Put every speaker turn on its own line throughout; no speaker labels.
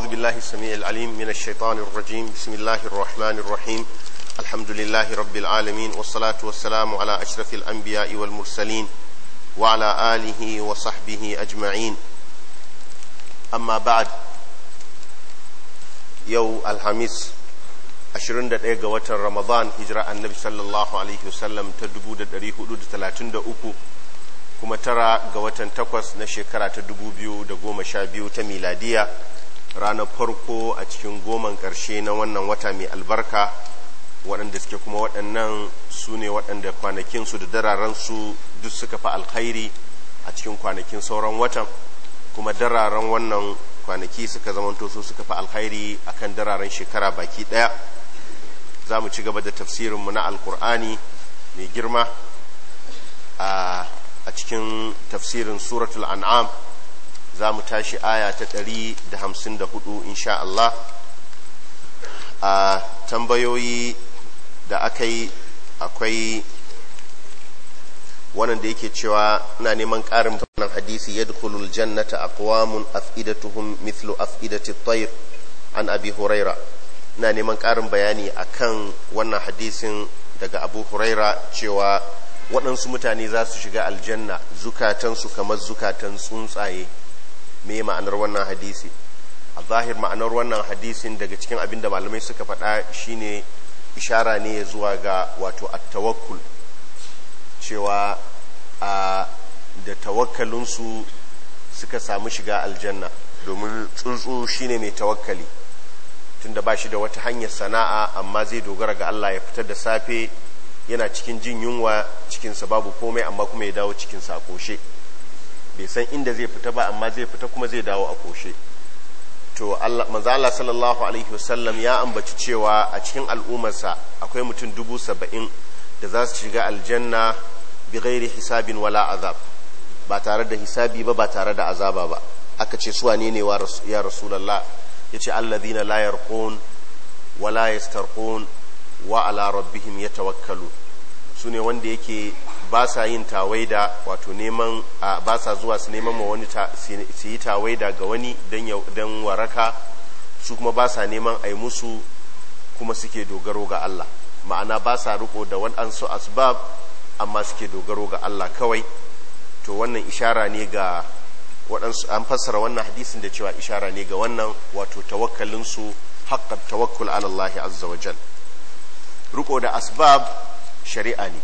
أعوذ بالله السميع العليم من الشيطان الرجيم بسم الله الرحمن الرحيم الحمد لله رب العالمين والصلاة والسلام على أشرف الأنبياء والمرسلين وعلى آله وصحبه أجمعين أما بعد يو الخميس 21 ga watan Ramadan hijira annabi sallallahu alaihi wasallam ta 1433 kuma tara ga watan takwas na shekara ta 2012 ta miladiya ranar farko a cikin goman ƙarshe na wannan wata mai albarka waɗanda suke kuma waɗannan su ne waɗanda kwanakinsu da dararensu duk suka fi alkhairi a cikin kwanakin sauran watan kuma dararen wannan kwanaki suka zamanto su suka fi alkhairi a kan dararen shekara baki ɗaya za mu ci gaba da tafsirinmu na alkur'ani mai girma a cikin tafsirin suratul an'am za mu tashi aya ta ɗari da da 154 insha Allah a tambayoyi da aka yi akwai wannan da yake cewa ina neman ƙarin wannan hadisi ya dukulul jannata aqwamun af'idatuhum mithlu af'idati tayr an abi huraira Ina neman ƙarin bayani akan wannan hadisin daga abu huraira cewa waɗansu mutane za su shiga aljanna zukatansu kamar zukatan tsuntsaye me ma'anar wannan hadisi a zahir ma'anar wannan hadisin daga cikin abin da malamai suka faɗa shine ishara ne zuwa ga wato a tawakkul cewa a da tawakkalinsu suka samu shiga aljanna domin tsuntsu shine mai tawakkali tunda ba shi da wata hanyar sana'a amma zai dogara ga Allah ya fitar da safe yana cikin jin yunwa cikinsa babu komai amma kuma ya dawo cikin a koshe bai san inda zai fita ba amma zai fita kuma zai dawo a koshe to Allah sallallahu alaihi wasallam ya ambaci cewa a cikin al'ummarsa akwai mutum dubu saba'in da za su shiga aljanna bi ghairi hisabin wala azab ba tare da hisabi ba ba tare da azaba ba aka ce su wane ne ya rasulullah yace alladhina la yarqun wala yastarqun wa ala rabbihim yatawakkalun sune wanda yake ba sa yin tawai da wato neman ba sa zuwa su neman ma wani su yi da ga wani don waraka su kuma ba sa neman a musu kuma suke dogaro ga Allah ma'ana ba sa riko da waɗansu asbab amma suke dogaro ga Allah kawai to wannan ishara ne ga waɗansu an fassara wannan hadisin da cewa ishara ne ga wannan wato tawakkalinsu haƙƙar tawakkul alallahi Allah azza da asbab shari'a ne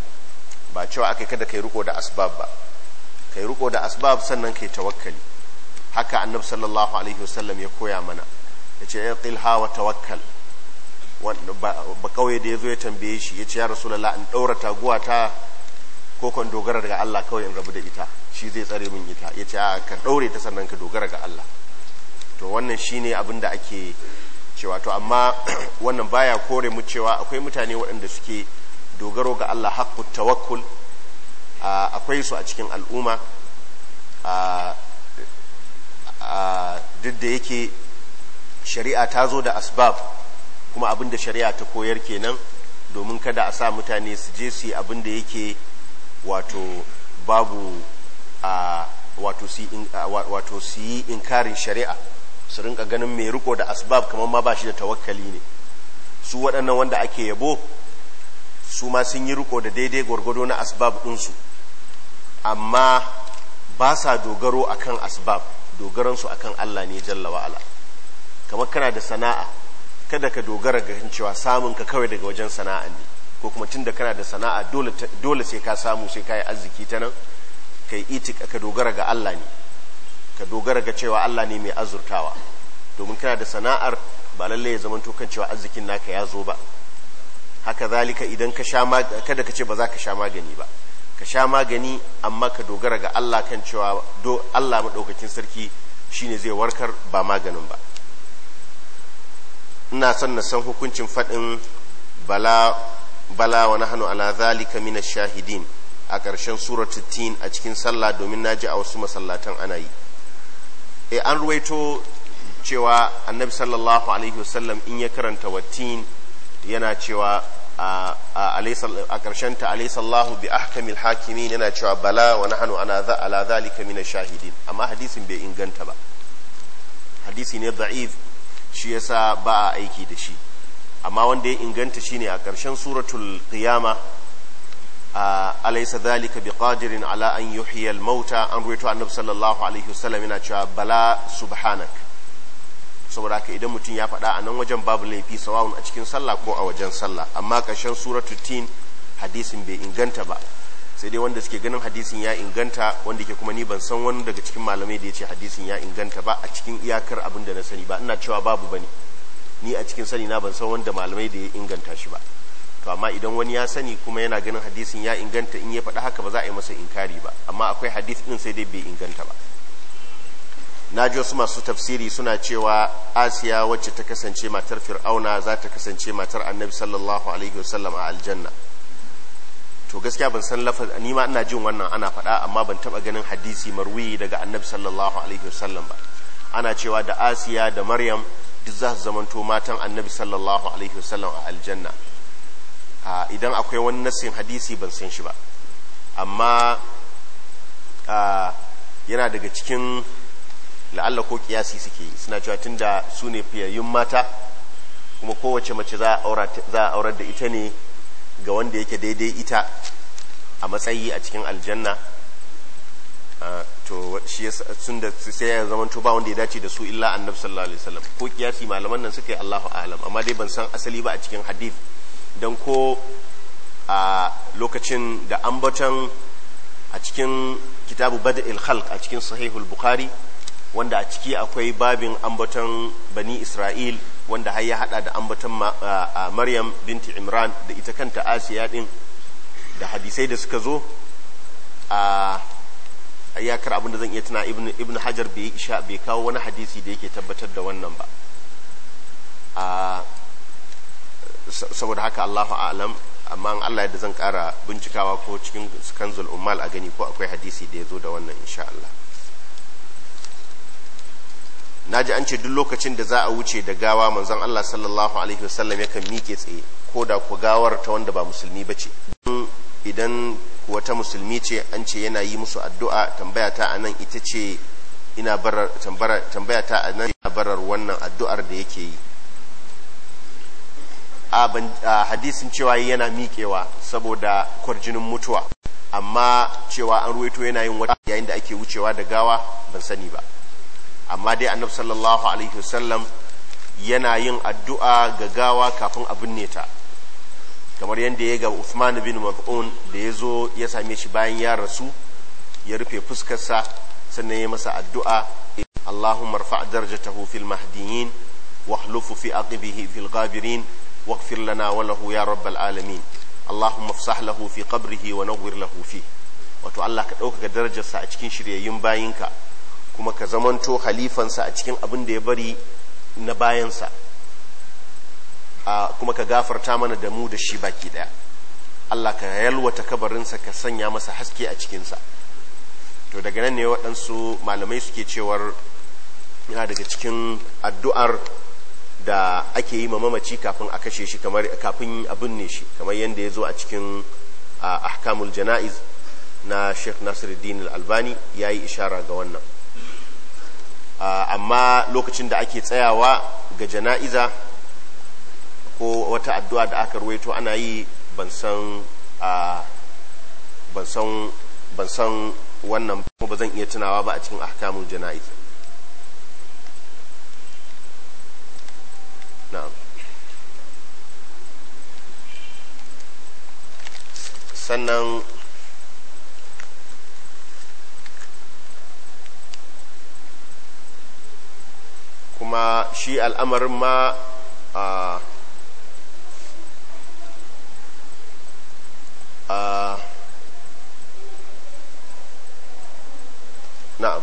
ba cewa akai kada kai riko da asbab ba kai riko da asbab sannan kai tawakkali haka annab sallallahu alaihi wasallam ya koya mana ya ce ya wa tawakkal ba kawai da ya zo ya tambaye shi ya ce ya rasulallah in ɗaura taguwa ta ko kan dogara daga Allah kawai in rabu da ita shi zai tsare min ita ya ce ka ɗaure ta sannan ka dogara ga Allah to wannan shine abin da ake cewa to amma wannan baya kore mu cewa akwai mutane waɗanda suke dogaro ga Allah haƙƙu tawakkul akwai su a cikin al'umma duk da yake shari'a ta zo da asbab kuma abin da shari'a ta koyar kenan domin kada a sa mutane su je su yi abin da yake wato babu wato su yi inkarin shari'a su rinka ganin mai riko da asbab kamar ma ba shi da tawakkali ne su waɗannan wanda ake yabo su ma sun yi riko da daidai gwargwado na asbab ɗinsu amma ba sa dogaro akan asbab dogaransu akan Allah ne jalla wa'ala kamar kana da sana'a kada ka dogara ga cewa samun ka kawai daga wajen sana'a ne ko kuma tunda kana da sana'a dole sai ka samu sai ka yi arziki ta nan ka yi ka dogara ga Allah ne ka dogara ga cewa Allah ne mai azurtawa domin kana da sana'ar ba lallai ya zama kan cewa arzikin naka ya zo ba haka zalika idan ka sha kada ka ce ba za ka sha magani ba ka sha magani amma ka dogara ga Allah kan cewa do Allah madaukakin sarki shine zai warkar ba maganin ba ina son na san hukuncin faɗin bala bala wa nahnu ala zalika min shahidin a ƙarshen suratul tin a cikin sallah domin naji a wasu masallatan ana yi e an ruwaito cewa annabi sallallahu alaihi wasallam in ya karanta wattin yana cewa a ƙarshenta ta bi ahkamil hakimi yana cewa bala wa nahnu ana za ala zalika min shahidin amma hadisin bai inganta ba hadisi ne da'if shi yasa ba a aiki da shi amma wanda ya inganta shine a ƙarshen suratul qiyama alaysa zalika biqadirin ala an yuhyiya al-mauta an ruwaito annabi sallallahu alaihi wasallam yana cewa bala subhanak saboda haka idan mutum ya faɗa a nan wajen babu laifi sawawun a cikin sallah ko a wajen sallah amma ƙarshen suratu tin hadisin bai inganta ba sai dai wanda suke ganin hadisin ya inganta wanda ke kuma ni ban san wani daga cikin malamai da ya ce hadisin ya inganta ba a cikin iyakar abin da na sani ba ina cewa babu bane ni a cikin sani na ban san wanda malamai da ya inganta shi ba to amma idan wani ya sani kuma yana ganin hadisin ya inganta in ya faɗa haka ba za a yi masa inkari ba amma akwai hadis din sai dai bai inganta ba na ji wasu masu tafsiri suna cewa asiya wacce ta kasance matar fir'auna za ta kasance matar annabi sallallahu alaihi wasallam a aljanna to gaskiya ban san lafaz ni ma ina jin wannan ana faɗa amma ban taɓa ganin hadisi marwi daga annabi sallallahu alaihi wasallam ba ana cewa da asiya da maryam duk za su zamanto matan annabi sallallahu alaihi wasallam a aljanna idan akwai wani nassin hadisi ban san shi ba amma yana daga cikin la'alla ko kiyasi suke yi suna cewa tunda su ne fiyayyun mata kuma kowace mace za a aurar da ita ne ga wanda yake daidai ita a matsayi a cikin aljanna to shi sun da sai ya zama ba wanda ya dace da su illa annabi sallallahu alaihi wasallam ko kiyasi malaman nan suka yi Allahu a'lam amma dai ban san asali ba a cikin hadith don ko a lokacin da ambaton a cikin kitabu bada khalq a cikin sahihul bukhari wanda a ciki akwai babin ambaton bani isra'il wanda har ya hada da ambaton maryam binti imran da ita kanta asiya din da hadisai da suka zo a ayyakar abin da zan iya tana ibn hajar bai isha bai kawo wani hadisi da yake tabbatar da wannan ba a saboda haka allahu alam amma an allah da zan kara bincikawa ko cikin kanzul umal a gani ko akwai hadisi da ya zo da wannan insha allah naji an ce duk lokacin da za a wuce da gawa manzon Allah sallallahu alaihi wasallam yakan mike tsaye ko da ku gawar ta wanda ba musulmi ba ce idan wata musulmi ce an ce yana yi musu addu'a tambaya ta anan ita ce ina barar tambaya ta anan ina barar wannan addu'ar da yake yi a hadisin cewa yana miƙewa saboda kwarjinin mutuwa amma cewa an ruwaito yana yin wata yayin da ake wucewa da gawa ban sani ba amma dai annabi sallallahu alaihi wasallam yana yin addu'a ga gawa kafin a binne ta kamar yadda ya ga usman bin Maf'un da ya zo ya same shi bayan ya rasu ya rufe fuskarsa sannan ya masa addu'a Allahumma rfa' darajatahu fil mahdiyin wa ahlufu fi aqibihi fil ghabirin واغفر لنا وله يا رب العالمين اللهم افسح له في قبره ونور له فيه wato Allah ka ɗaukaka darajarsa a cikin shiryayyun bayinka kuma ka zamanto halifansa a cikin abin da ya bari na bayansa kuma ka gafarta mana da mu da shi baki daya Allah ka yalwata kabarinsa ka sanya masa haske a cikinsa to daga nan ne waɗansu malamai suke cewar yana daga cikin addu'ar da ake yi ma mamaci kafin a kashe shi kamar kafin a binne shi kamar yadda ya zo a cikin ahkamul jana'iz na sheikh nasiruddin al-albani ya yi ishara ga wannan Ah, amma lokacin da ake tsayawa ga jana'iza ko wata addu'a da aka ruwaito ana yi ban san ah, ban wannan ba zan iya tunawa ba a cikin ahkamun jana'iza. sannan kuma shi al'amarin ma a na'am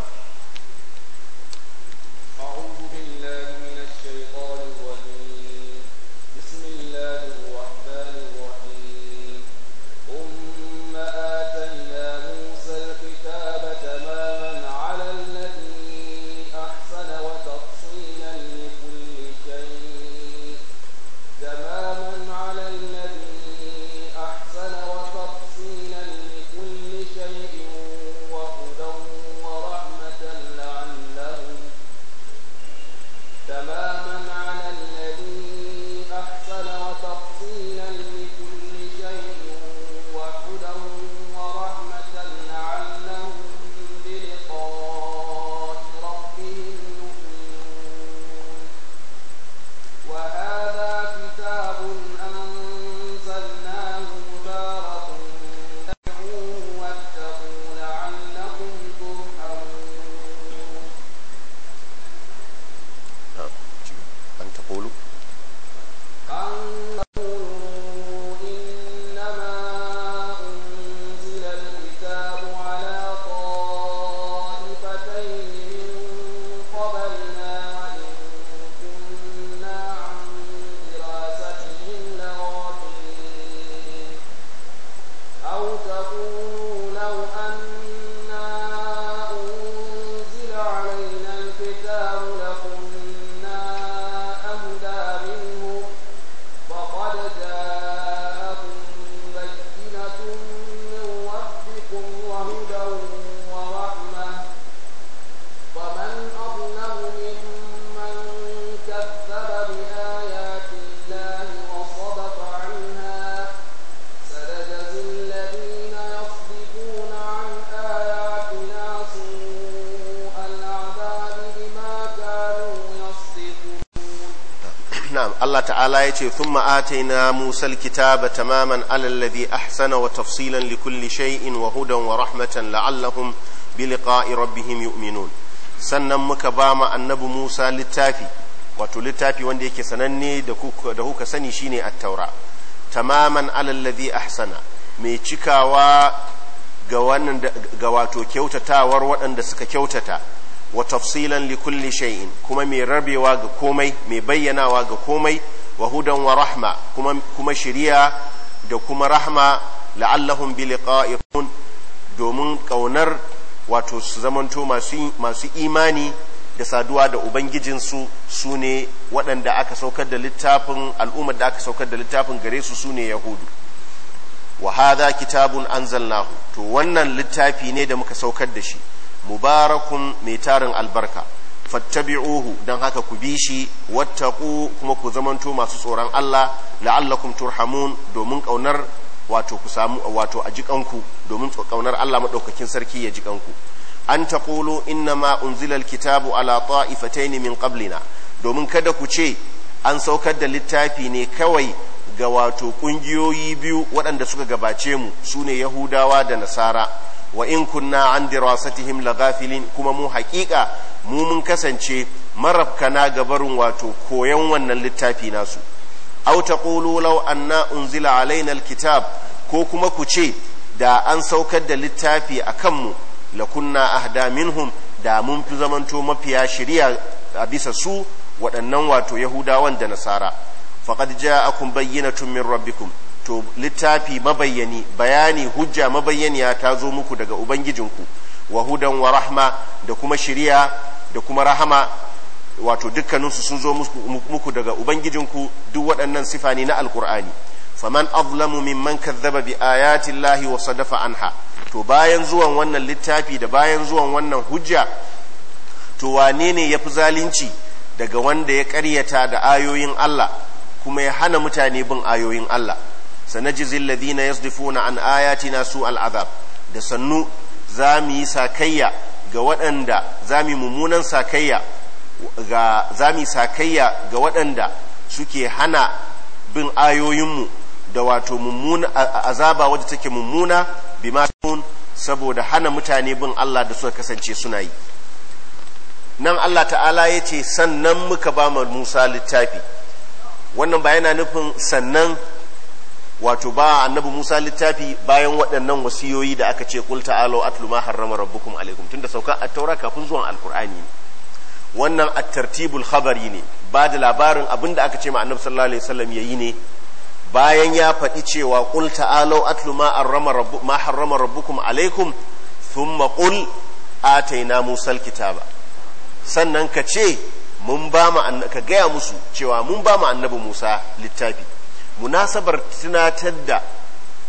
Allah ta'ala ya ce thumma ataina Musa alkitaba tamaman ala ahsana wa tafsilan li kulli shay'in wa hudan wa rahmatan la'allahum bi liqa'i rabbihim yu'minun sannan muka ba mu annabi Musa littafi wato littafi wanda yake sananne da kuka sani shine at-taura tamaman ala alladhi ahsana mai cikawa ga wannan ga wato kyautatawar waɗanda suka kyautata wa tafsilan li kulli shay'in kuma mai rabewa ga komai mai bayyanawa ga komai wa hudan wa rahma kuma kuma shiriya da kuma rahma la'allahum bi liqa'i domin kaunar wato su zamanto masu masu imani da saduwa da ubangijinsu su ne waɗanda aka saukar da littafin al'ummar da aka saukar da littafin gare su su ne yahudu wa hadha kitabun anzalnahu to wannan littafi ne da muka saukar da shi mubarakun mai tarin albarka fattabi'uhu don haka ku bi shi wattaku kuma ku zamanto masu tsoron Allah la'allakum turhamun domin kaunar wato ku samu wato a jikanku domin kaunar Allah madaukakin sarki ya jikanku an taqulu innama unzila kitabu ala ta'ifatayn min qablina domin kada ku ce an saukar da littafi ne kawai ga wato ƙungiyoyi biyu waɗanda suka gabace mu sune yahudawa da nasara wa in kunna an dirasatihim lagafilin kuma mu haƙiƙa mu mun kasance marafkana barin wato koyon wannan littafi nasu aw taqulu law anna unzila alaina alkitab ko kuma ku ce da an saukar da littafi akan mu la kunna ahda minhum da mun fi zamanto mafiya shiriya a bisa su waɗannan wato yahudawan da nasara faqad ja'akum bayyinatun min rabbikum to littafi mabayyani bayani hujja mabayyaniya ta zo muku daga ubangijinku wa hudan wa rahma da kuma shiriya da kuma rahama wato dukkaninsu sun zo muku daga ubangijinku duk waɗannan sifa ne na alkur'ani faman azlamu mimman kazzaba bi ayatin lahi wa sadafa anha to bayan zuwan wannan littafi da bayan zuwan wannan hujja to wane ne ya fi zalunci daga wanda ya ƙaryata da ayoyin Allah kuma ya hana mutane bin ayoyin Allah sanajizil ladina yasdifuna an ayatina su al'azab da sannu za mu yi sakayya ga waɗanda za mu mummunan sakayya ga za mu sakayya ga waɗanda suke hana bin ayoyinmu da wato mummuna azaba wadda take mummuna bima saboda hana mutane bin Allah da suka kasance suna yi nan Allah ta'ala ya ce sannan muka ba Musa littafi wannan ba yana nufin sannan wato ba annabi Musa littafi bayan waɗannan wasiyoyi da aka ce kulta alo atlu ma harrama rabbukum alaikum tunda sauka a taura kafin zuwan Alkur'ani. ne wannan at-tartibul khabari ne ba da labarin abin da aka ce ma annabi sallallahu alaihi wasallam yayi ne bayan ya faɗi cewa kulta alo atlu ma rabbu ma harrama rabbukum alaikum thumma qul ataina musal kitaba sannan ka ce mun ba mu ka gaya musu cewa mun ba mu annabi Musa littafi munasabar tunatar da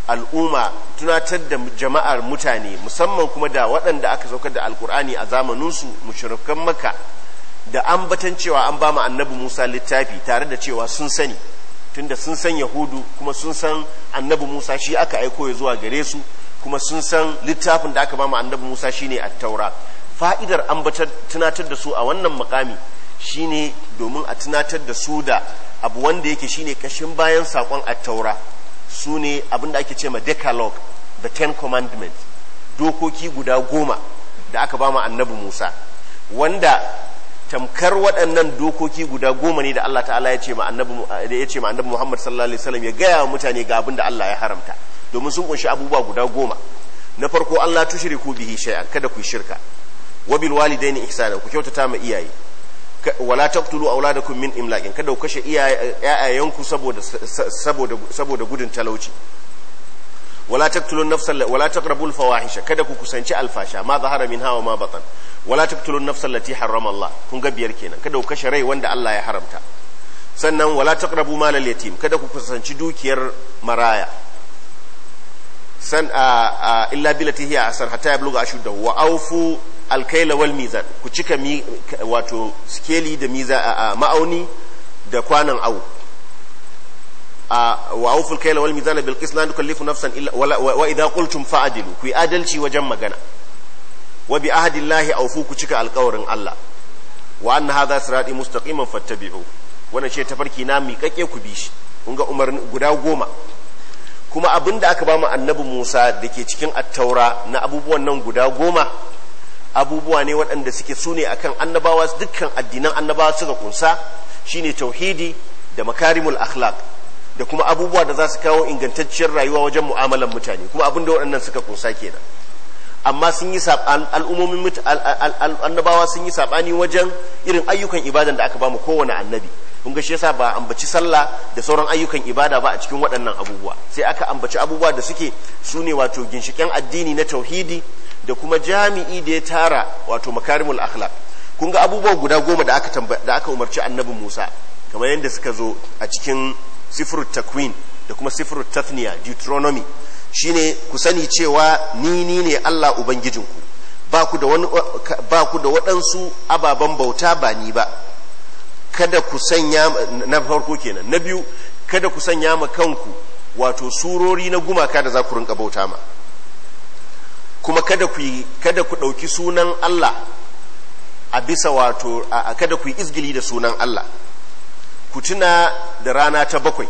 al'umma tunatar da jama'ar mutane musamman kuma da waɗanda aka saukar da alkur'ani a zamaninsu mushrikan maka da ambatan cewa an ba mu annabi musa littafi tare da cewa sun sani tunda sun san yahudu kuma sun san annabi musa shi aka aiko ya zuwa gare su kuma sun san littafin da aka ba mu annabi musa shine a taura fa'idar ambatar tunatar da su a wannan mukami. shine domin a tunatar da su da abu wanda yake shine kashin bayan sakon attaura su ne abinda ake ce ma decalogue the ten commandments dokoki guda goma da aka ba ma annabi musa wanda tamkar waɗannan dokoki guda goma ne da Allah ta'ala ya ce ma annabi eh, Muhammad sallallahu alaihi wasallam ya gaya wa mutane ga abin da Allah ya haramta domin sun kunshi abubuwa guda goma na farko Allah tushriku bihi shay'an kada ku shirka wa bil walidaini ihsana ku kyautata ma iyaye wala taqtulu auladakum min imlaqin kada ku kashe iyayenku saboda saboda saboda gudun talauci wala taqtulun nafsan wala taqrabul fawahisha kada ku kusanci alfasha ma zahara minha wa ma batan wala taqtulun nafsan lati harrama Allah kun ga biyar kenan kada ku kashe rai wanda Allah ya haramta sannan wala taqrabu malal yatim kada ku kusanci dukiyar maraya san illa billati hiya asar hatta yabluga ashuddahu wa awfu alkaila wal mizan ku cika mi wato skeli da miza a ma'auni da kwanan au a wa auful kaila wal mizan bil qist la nafsan illa wa idha qultum fa'dilu ku adalci wajen magana wa bi ahdillahi aufu ku cika alkawarin Allah wa anna hadha sirati mustaqiman fattabi'u wannan ce tafarki na kake ku bi shi kun ga umar guda goma kuma abinda aka ba mu annabi Musa dake cikin attaura na abubuwan nan guda goma abubuwa ne waɗanda suke su ne akan annabawa dukkan addinan annabawa suka kunsa shine tauhidi da makarimul akhlaq da kuma abubuwa da za su kawo ingantacciyar rayuwa wajen mu'amalar mutane kuma abin da waɗannan suka kunsa kenan amma sun yi al'ummomin annabawa sun yi saɓani wajen irin ayyukan ibadan da aka ba mu kowane annabi kun ga shi yasa ba ambaci sallah da sauran ayyukan ibada ba a cikin waɗannan abubuwa sai aka ambaci abubuwa da suke su ne wato ginshiƙen addini na tauhidi da kuma jami'i da ya tara wato makarimul akhlaq kun ga abubuwa guda goma da aka da aka umarci annabi Musa kamar yadda suka zo a cikin sifrut takwin da kuma sifrut tathniya deuteronomy shine ku sani cewa ni ni ne Allah ubangijinku ba ku da wani ba ku da waɗansu ababen bauta ba ni ba kada ku sanya na farko kenan na biyu kada ku sanya ma kanku wato surori na gumaka da za ku rinka bauta ma kuma kada ku kada ku ɗauki sunan Allah a bisa wato a kada ku izgili da sunan Allah ku tuna da rana ta bakwai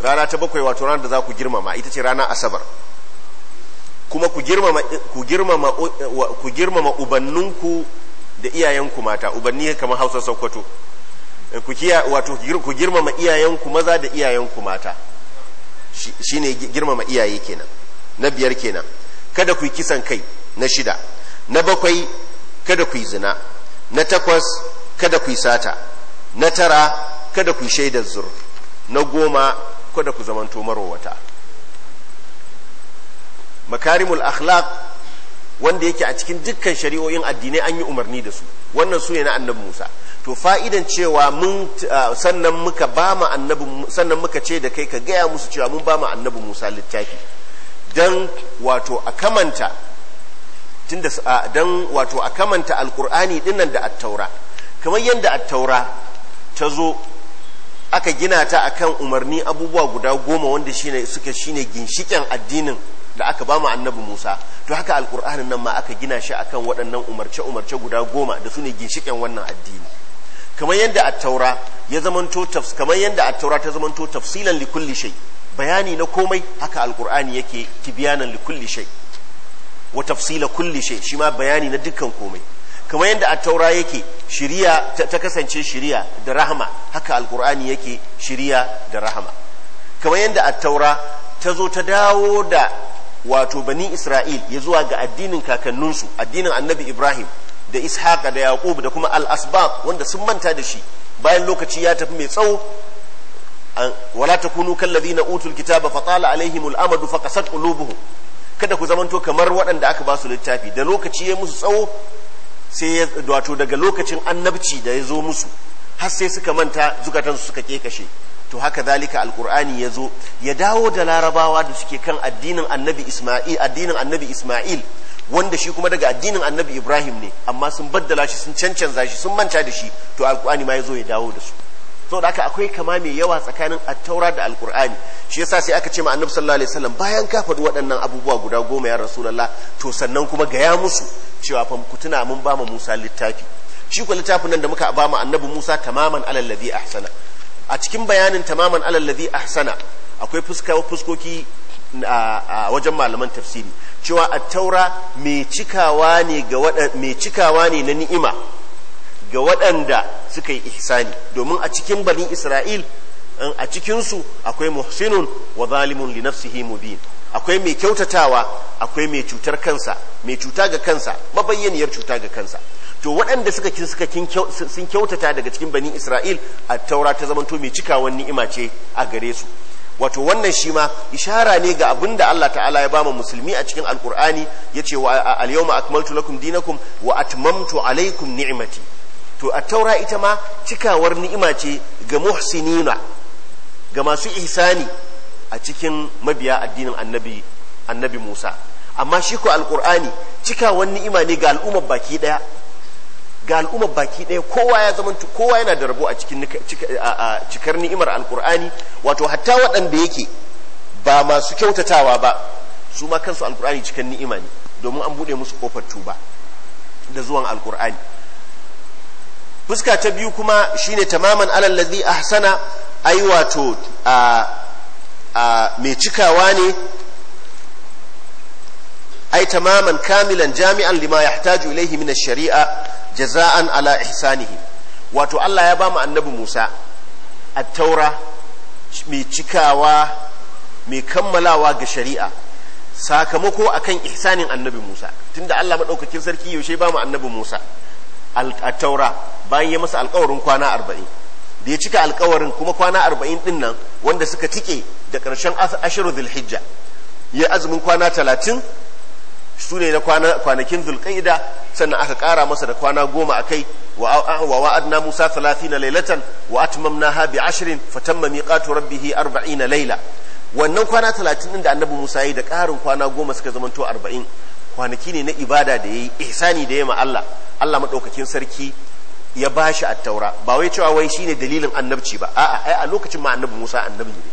rana ta bakwai wato rana da za ku girmama ita ce rana asabar kuma ku girmama ku girmama ku girmama ubanninku da iyayenku mata ubanni kamar Hausa Sokoto ku kiya wato ku girmama iyayenku maza da iyayenku mata shine girmama iyaye kenan na biyar kenan kada ku yi kisan kai na shida na bakwai kada ku yi zina na takwas kada ku yi sata na tara kada ku yi shaidar zur na goma kada ku zamanto marowata makarimul akhlaq wanda yake a cikin dukkan shari'o'in addinai an yi umarni da su wannan su ne na annabi Musa to fa'idan cewa mun ah, sannan muka ba mu annabi sannan muka ce da kai ka gaya musu cewa mun ba mu annabi Musa littafi don wato a kamanta tunda don wato a kamanta alkur'ani dinnan da attaura kamar yadda attaura ta zo aka gina ta akan umarni abubuwa guda goma wanda shine suka shine ginshiken addinin da aka ba mu annabi Musa to haka alkur'anin nan ma aka gina shi akan waɗannan umarce umarce guda goma da su ne ginshiken wannan addini kamar yadda attaura ya zamanto tafs kamar yadda attaura ta zamanto tafsilan likulli bayani na komai haka alkur'ani yake tibiyanan li kulli shay wa tafsila kulli shay shi ma bayani na dukkan komai kamar yadda at-taura yake shiriya ta kasance shiriya da rahama haka alkur'ani yake shiriya da rahama kamar yadda at-taura ta zo ta dawo da wato bani isra'il ya zuwa ga addinin kakanninsu addinin annabi ibrahim da ishaqa da yaqub da kuma al-asbab wanda sun manta da shi bayan lokaci ya tafi mai tsawo wala takunu kallazina utul kitaba fatala alaihimul amadu faqasat qulubuhum kada ku zamanto kamar waɗanda aka basu littafi da lokaci ya musu tsawo sai ya wato daga lokacin annabci da ya zo musu har sai suka manta zukatan su suka kekashe to haka zalika alkur'ani ya zo ya dawo da larabawa da suke kan addinin annabi isma'il addinin annabi isma'il wanda shi kuma daga addinin annabi ibrahim ne amma sun baddala shi sun cancanza shi sun manta da shi to alkur'ani ma ya zo ya dawo da su da aka akwai kama mai yawa tsakanin attaura da alkur'ani shi yasa sai aka ce ma annabi sallallahu alaihi wasallam bayan ka faɗi waɗannan abubuwa guda goma ya rasulullah to sannan kuma gaya musu cewa fa ku tuna mun ba mu Musa littafi shi ko littafin nan da muka ba mu annabi Musa tamaman alal ladhi ahsana a cikin bayanin tamaman alal ladhi ahsana akwai fuska fuskoki a wajen malaman tafsiri cewa attaura mai cikawa ne ga mai cikawa ne na ni'ima ga waɗanda suka yi ihsani domin a cikin bani isra'il a cikinsu akwai muhsinun wa zalimun li nafsihi mubin akwai mai kyautatawa akwai mai cutar kansa mai cuta ga kansa mabayyaniyar cuta ga kansa to waɗanda suka kin suka kin sun kyautata daga cikin bani isra'il a taura ta zamanto mai cikawan ni'ima ce a gare su wato wannan shi ma ishara ne ga abin da Allah ta'ala ya bama musulmi a cikin alkur'ani ya ce wa al-yawma akmaltu lakum dinakum wa atmamtu alaikum ni'mati to a taura ita ma cikawar ni'ima ce ga muhsinina ga masu ihsani a cikin mabiya addinin annabi annabi Musa amma shi ko alqur'ani cikawar ni'ima ne ga al'ummar baki daya ga al'ummar baki daya kowa ya zama kowa yana da rabo a cikin cikar ni'imar alqur'ani wato hatta waɗanda yake ba masu kyautatawa ba su ma kansu alqur'ani cikin ni'ima ne domin an buɗe musu kofar tuba da zuwan alqur'ani fuska ta biyu kuma shine tamaman alal ladhi ahsana ai wato a a mai cikawa ne ai tamaman kamilan jami'an lima yahtaju ilaihi min ash-shari'a jaza'an ala ihsanihi wato Allah ya ba mu annabi Musa at-taura mai cikawa mai kammalawa ga shari'a sakamako akan ihsanin annabi Musa tunda Allah madaukakin sarki yaushe ba mu annabi Musa al taura bayan ya masa alkawarin kwana arba'in da ya cika alkawarin kuma kwana arba'in din nan wanda suka cike da ƙarshen ashiru zulhijja ya azumin kwana talatin su ne na kwanakin zulƙaida sannan aka ƙara masa da kwana goma a kai wa wa'adna musa talafi na lailatan wa atmamnaha bi ashrin fatamma miqatu rabbih arba'ina laila wannan kwana talatin din da annabi musa yi da ƙarin kwana goma suka zamanto arba'in kwanaki ne na ibada da ya yi ihsani da ya ma Allah Allah maɗaukakin sarki ya ba shi a taura ba wai cewa wai shi ne dalilin annabci ba a'a ai a lokacin ma annabi Musa annabi ne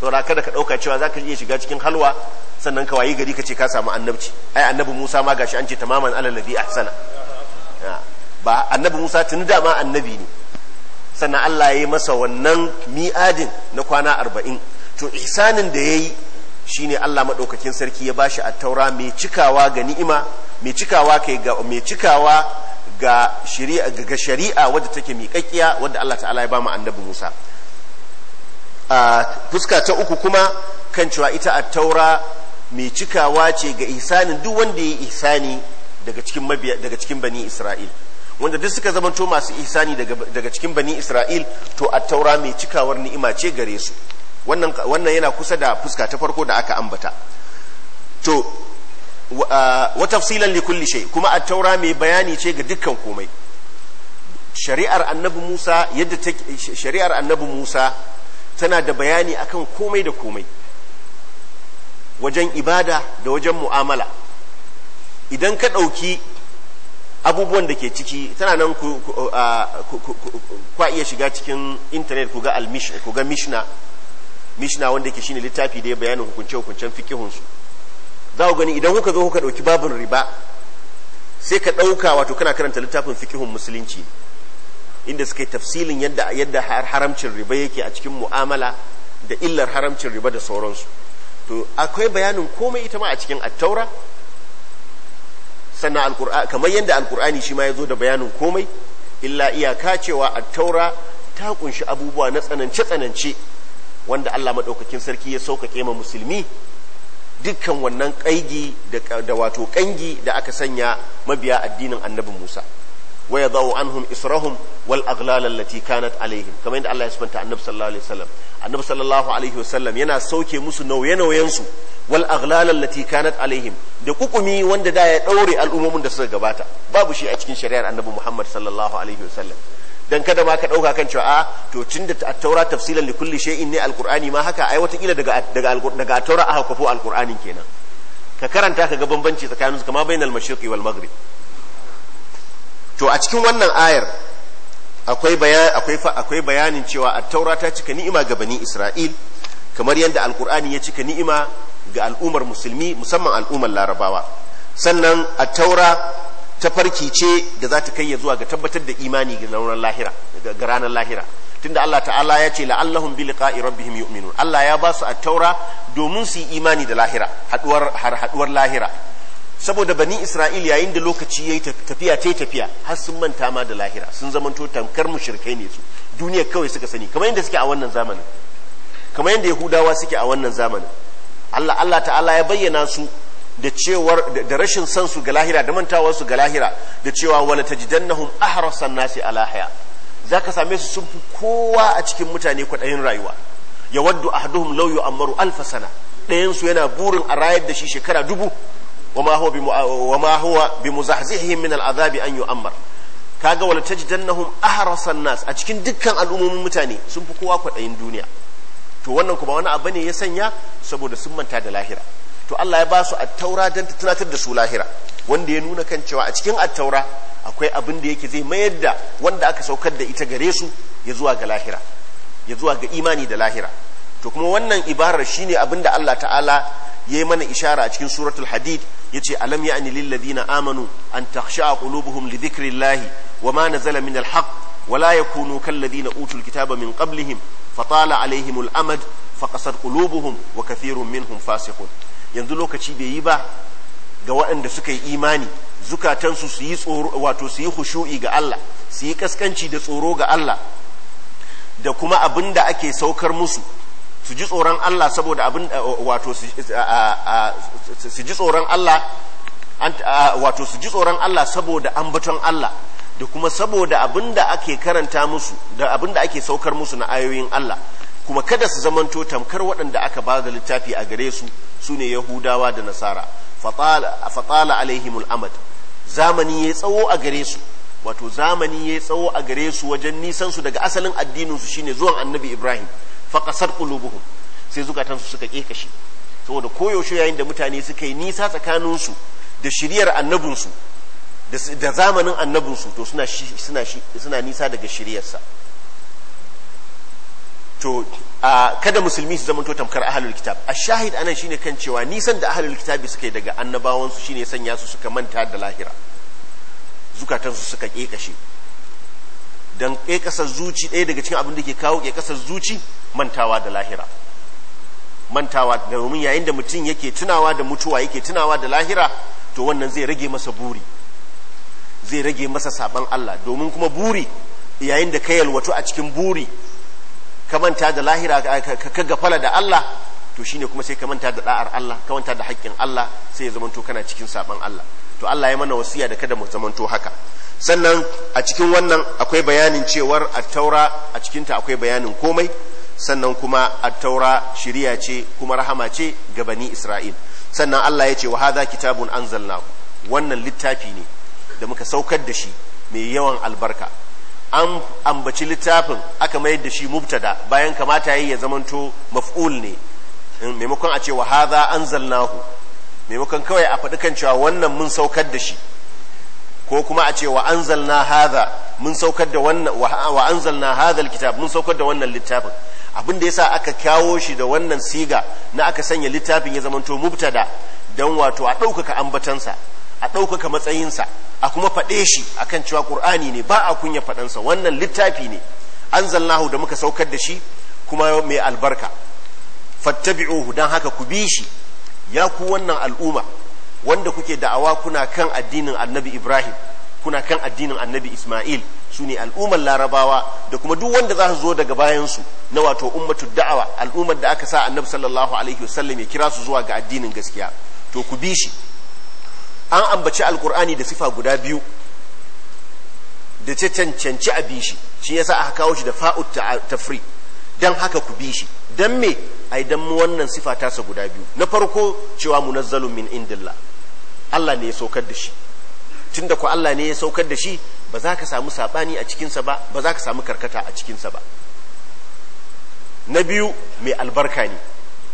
to da kada ka ɗauka cewa zaka iya shiga cikin halwa sannan ka wayi gari ka ce ka samu annabci ai annabi Musa ma gashi an ce tamaman alal ladhi ahsana ba annabi Musa tun da ma annabi ne sannan Allah ya yi masa wannan mi'adin na kwana arba'in to ihsanin da ya yi Shi ne Allah maɗaukakin sarki ya bashi a taura mai cikawa ga ni'ima mai cikawa kai ga mai cikawa ga shari'a ga shari'a wadda take miƙaƙiya wadda Allah ta'ala ya ba mu annabi Musa a fuska ta uku kuma kan cewa ita a taura mai cikawa ce ga ihsanin duk wanda ya ihsani daga daga cikin bani Isra'il wanda duk suka zamanto masu ihsani daga cikin bani Isra'il to a taura mai cikawar ni'ima ce gare su wannan wannan yana kusa da fuska ta farko da aka ambata to wa tafsilan li kulli shay kuma at-taura mai bayani ce ga dukkan komai shari'ar annabi Musa yadda shari'ar annabi Musa tana da bayani akan komai da komai wajen ibada da wajen mu'amala idan ka ɗauki abubuwan da ke ciki tana nan ku kwa iya shiga cikin intanet ku ga mishna mishina wanda yake shine littafi da ya bayanin hukunce hukuncen fikihun za ku gani idan kuka zo kuka dauki babin riba sai ka dauka wato kana karanta littafin fikihun musulunci inda suka tafsilin yadda yadda haramcin riba yake a cikin mu'amala da illar haramcin riba da sauransu to akwai bayanin komai ita ma a cikin attaura sannan alqur'ani kamar yadda alkur'ani shi ma ya zo da bayanin komai illa iyaka cewa attaura ta kunshi abubuwa na tsanance-tsanance wanda Allah maɗaukakin sarki ya sauƙaƙe ma musulmi dukkan wannan ƙaigi da wato ƙangi da aka sanya mabiya addinin annabin Musa Waya yadhu anhum israhum wal aghlal allati kanat alaihim kamar yadda Allah ya subanta annabi sallallahu alaihi wasallam annabi sallallahu alaihi wasallam yana sauke musu nauye-nauyen su wal aghlal allati kanat alaihim da kukumi wanda da ya daure al'ummomin da suka gabata babu shi a cikin shari'ar annabi Muhammad sallallahu alaihi wasallam dan kada ma ka dauka kan cewa a to tunda at-taura tafsilan li kulli shay'in ne al ma haka ai wata kila daga daga daga taura aka kafo al kenan ka karanta ka ga bambanci tsakanin su kama bainal mashriqi wal maghrib to a cikin wannan ayar akwai bayan akwai akwai bayanin cewa at-taura ta cika ni'ima ga bani isra'il kamar yadda al ya cika ni'ima ga al'ummar musulmi musamman al'ummar larabawa sannan at-taura tafarki ce da za ta kai ya zuwa ga tabbatar da imani ga ranar lahira tunda Allah ta'ala ya ce la'allahum bi liqa'i rabbihim yu'minun Allah ya ba su a taura domin su yi imani da lahira haduwar har haduwar lahira saboda bani Isra'il yayin da lokaci yayi tafiya yi tafiya har sun manta ma da lahira sun zamanto tamkar mushrikai ne su duniya kawai suka sani kamar yadda suke a wannan zamanin kamar yadda Yahudawa suke a wannan zamanin Allah ta'ala ya bayyana su da cewar da rashin san su ga lahira da mantawar su ga lahira da cewa wala tajidannahum ahrasan nasi ala haya zaka same su sun fi kowa a cikin mutane kwaɗayin rayuwa ya waddu ahduhum law yu'ammaru alf sana dayan su yana burin a rayar da shi shekara dubu wama huwa bi wama huwa bi muzahzihihim min al'azabi an yu'ammar kaga wala tajidannahum ahrasan nas a cikin dukkan al'ummomin mutane sun fi kowa kwaɗayin duniya to wannan kuma wani abu ne ya sanya saboda sun manta da lahira to Allah ya ba su attaura don ta tunatar da su lahira wanda ya nuna kan cewa a cikin attaura akwai abin da yake zai mayar da wanda aka saukar da ita gare su ya zuwa ga lahira ya zuwa ga imani da lahira to kuma wannan ibarar shine abin da Allah ta'ala ya yi mana ishara a cikin suratul hadid ya ce alam ya ani lilladina amanu an taksha qulubuhum li dhikrillahi wa ma nazala min alhaq wa la yakunu kalladina utul kitaba min qablihim fatala alaihimul amad faqasat kulubuhum wa kathirun minhum fasiqun yanzu lokaci bai yi ba ga waɗanda suka yi imani zukatansu su yi tsoro wato su yi hushu'i ga Allah su yi kaskanci da tsoro ga Allah da kuma abin da ake saukar musu su ji tsoron Allah saboda abin wato su ji tsoron Allah wato su ji tsoron Allah saboda ambaton Allah da kuma saboda abin da ake karanta musu da abin da ake saukar musu na ayoyin Allah kuma kada su zamanto tamkar waɗanda aka ba da littafi a gare su su ne yahudawa da nasara fatala alaihimul amad zamani ya tsawo a gare su wato zamani ya tsawo a gare su wajen nisan su daga asalin addinin su shine zuwan annabi ibrahim faqasat qulubuhum sai zukatan su suka kekashe saboda koyaushe yayin da mutane suka yi nisa tsakanin su da shiriyar annabinsu da zamanin annabinsu to suna suna suna nisa daga shiryarsa to kada musulmi su zama zamanto tamkar ahlul kitab a shahid anan shine kan cewa nisan da ahlul kitabi suke daga su shine sanya su suka manta da lahira zukatansu suka kekashe don ƙeƙasar zuci ɗaya daga cikin abin da ke kawo ƙeƙasar zuci mantawa da lahira mantawa domin yayin da mutum yake tunawa da mutuwa yake tunawa da lahira to wannan zai rage masa buri zai rage masa saban Allah domin kuma buri yayin da ka yalwatu a cikin buri ka manta da lahira ka gafala da Allah to shine kuma sai ka manta da da'ar Allah ka manta da haƙƙin Allah sai ya zamanto kana cikin saban Allah to Allah ya mana wasiya da kada mu zamanto haka sannan a cikin wannan akwai bayanin cewar at-taura a cikin ta akwai bayanin komai sannan kuma at-taura shiriya ce kuma rahama ce ga bani Isra'il sannan Allah ya ce wa hadha kitabun anzalnahu wannan littafi ne da muka saukar da shi mai yawan albarka an ambaci littafin aka mayar da shi mubtada bayan kamata yayi ya zamanto maf'ul ne maimakon a ce wa hadha anzalnahu maimakon kawai a faɗi kan cewa wannan mun saukar da shi ko kuma a ce wa anzalna hadha mun saukar da wannan wa anzalna hadha alkitab mun saukar da wannan littafin abin da yasa aka kawo shi da wannan siga na aka sanya littafin ya zamanto mubtada dan wato a ɗaukaka ambatansa a ɗaukaka matsayinsa a kuma faɗe shi akan cewa ƙur'ani ne ba a kunya faɗansa wannan littafi ne an zallahu da muka saukar da shi kuma mai albarka fattabi'uhu don haka ku bi shi ya ku wannan al'umma wanda kuke da'awa kuna kan addinin annabi ibrahim kuna kan addinin annabi isma'il su ne al'ummar larabawa da kuma duk wanda za su zo daga bayansu na wato ummatu da'awa al'ummar da aka sa annabi sallallahu alaihi wasallam ya kira su zuwa ga addinin gaskiya to ku bi shi an ambaci alkur'ani da sifa guda biyu da ce cancanci a bishi shi yasa aka kawo shi da fa'u tafri don haka ku bi shi don me ai dan mu wannan sifa tasa guda biyu na farko cewa mu munazzalun min indillah Allah ne ya saukar da shi tun da ku Allah ne ya saukar da shi ba za ka samu sabani a cikinsa ba ba za ka samu karkata a cikinsa ba na biyu mai albarka ne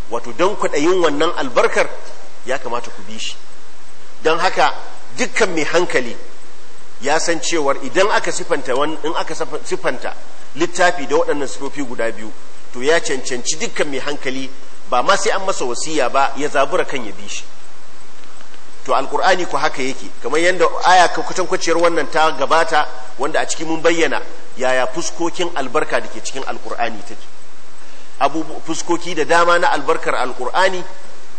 wato don kwaɗayin wannan albarkar ya kamata ku bi shi don haka dukkan mai hankali ya san cewar idan aka sifanta in aka sifanta littafi da waɗannan sifofi guda biyu to ya cancanci dukkan mai hankali ba ma sai an masa wasiya ba ya zabura kan ya bi shi to alkur'ani ku haka yake kamar yadda aya kwaciyar wannan ta gabata wanda a ciki mun bayyana yaya fuskokin albarka da ke cikin alkur'ani ke. abubu fuskoki da dama na albarkar alkur'ani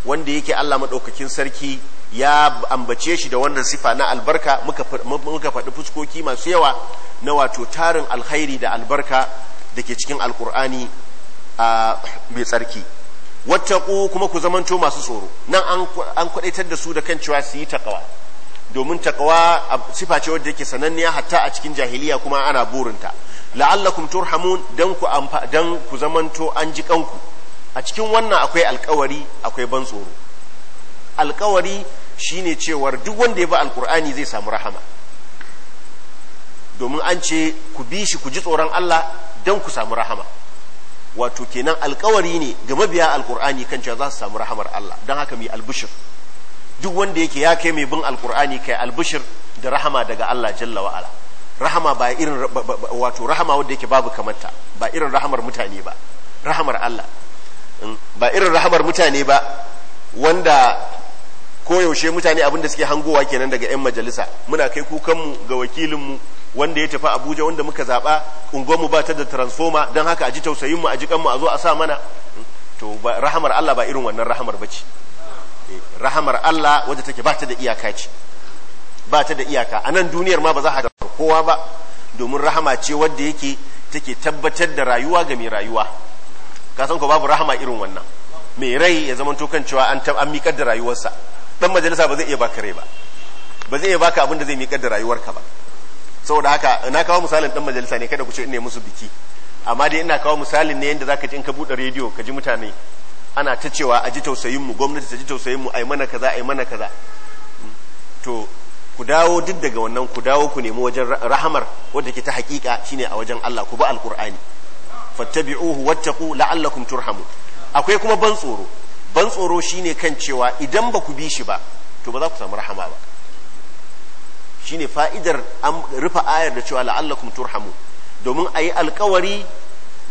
wanda yake allah maɗaukakin sarki ya ambace shi da wannan sifa na albarka muka faɗi fuskoki masu yawa na wato tarin alkhairi da albarka da ke cikin alkur'ani a mai tsarki wattaku kuma ku zamanto masu tsoro nan an kwadaitar da su da kan cewa su yi takawa domin takawa sifa ce wadda yake sananniya hatta a cikin jahiliya kuma ana burinta la'allakum turhamun dan ku dan ku zamanto an ji kanku a cikin wannan akwai alkawari akwai ban tsoro alkawari shine cewar duk wanda ya ba alkur'ani zai samu rahama domin an ce ku bi shi ku ji tsoron Allah don ku samu rahama wato kenan alkawari ne ga mabiya alkur'ani kan cewa za su samu rahamar Allah don haka mai albishir duk wanda yake ya kai mai bin alkur'ani kai albishir da rahama daga Allah jalla wa ala rahama ba irin wato rahama wanda yake babu kamata ba irin rahamar mutane ba rahamar Allah ba irin rahamar mutane ba wanda yaushe mutane abin da suke hangowa kenan daga 'yan majalisa muna kai kukanmu ga wakilinmu wanda ya tafi abuja wanda muka zaɓa unguwarmu ba ta da transformer don haka a ji tausayinmu a ji kanmu a zo a sa mana to rahamar allah ba irin wannan rahamar ba ce eh, rahamar allah wadda take ba ta da iyaka ce ba ta da iyaka a nan duniyar ma ba za a ga kowa ba domin rahama ce wadda yake take tabbatar da rayuwa ga mai rayuwa ka san ko babu rahama irin wannan mai rai ya zama to kan cewa an mikar da rayuwarsa dan majalisa ba zai iya baka rai ba ba zai iya baka abin da zai miƙar da rayuwarka ba saboda haka na kawo misalin dan majalisa ne kada ku ce ina musu biki amma dai ina kawo misalin ne yanda zaka ji in ka bude rediyo ka ji mutane ana ta cewa a ji tausayin mu gwamnati ta ji tausayin mu ai mana kaza ai mana kaza to ku dawo duk daga wannan ku dawo ku nemi wajen rahamar wadda ke ta hakika shine a wajen Allah ku ba alqur'ani fattabi'uhu wattaqu la'allakum turhamun akwai kuma ban tsoro ban tsoro shine kan cewa idan ba ku bi shi ba to ba za ku samu rahama ba shine fa'idar an rufe ayar da cewa la'allakum turhamu domin a yi alkawari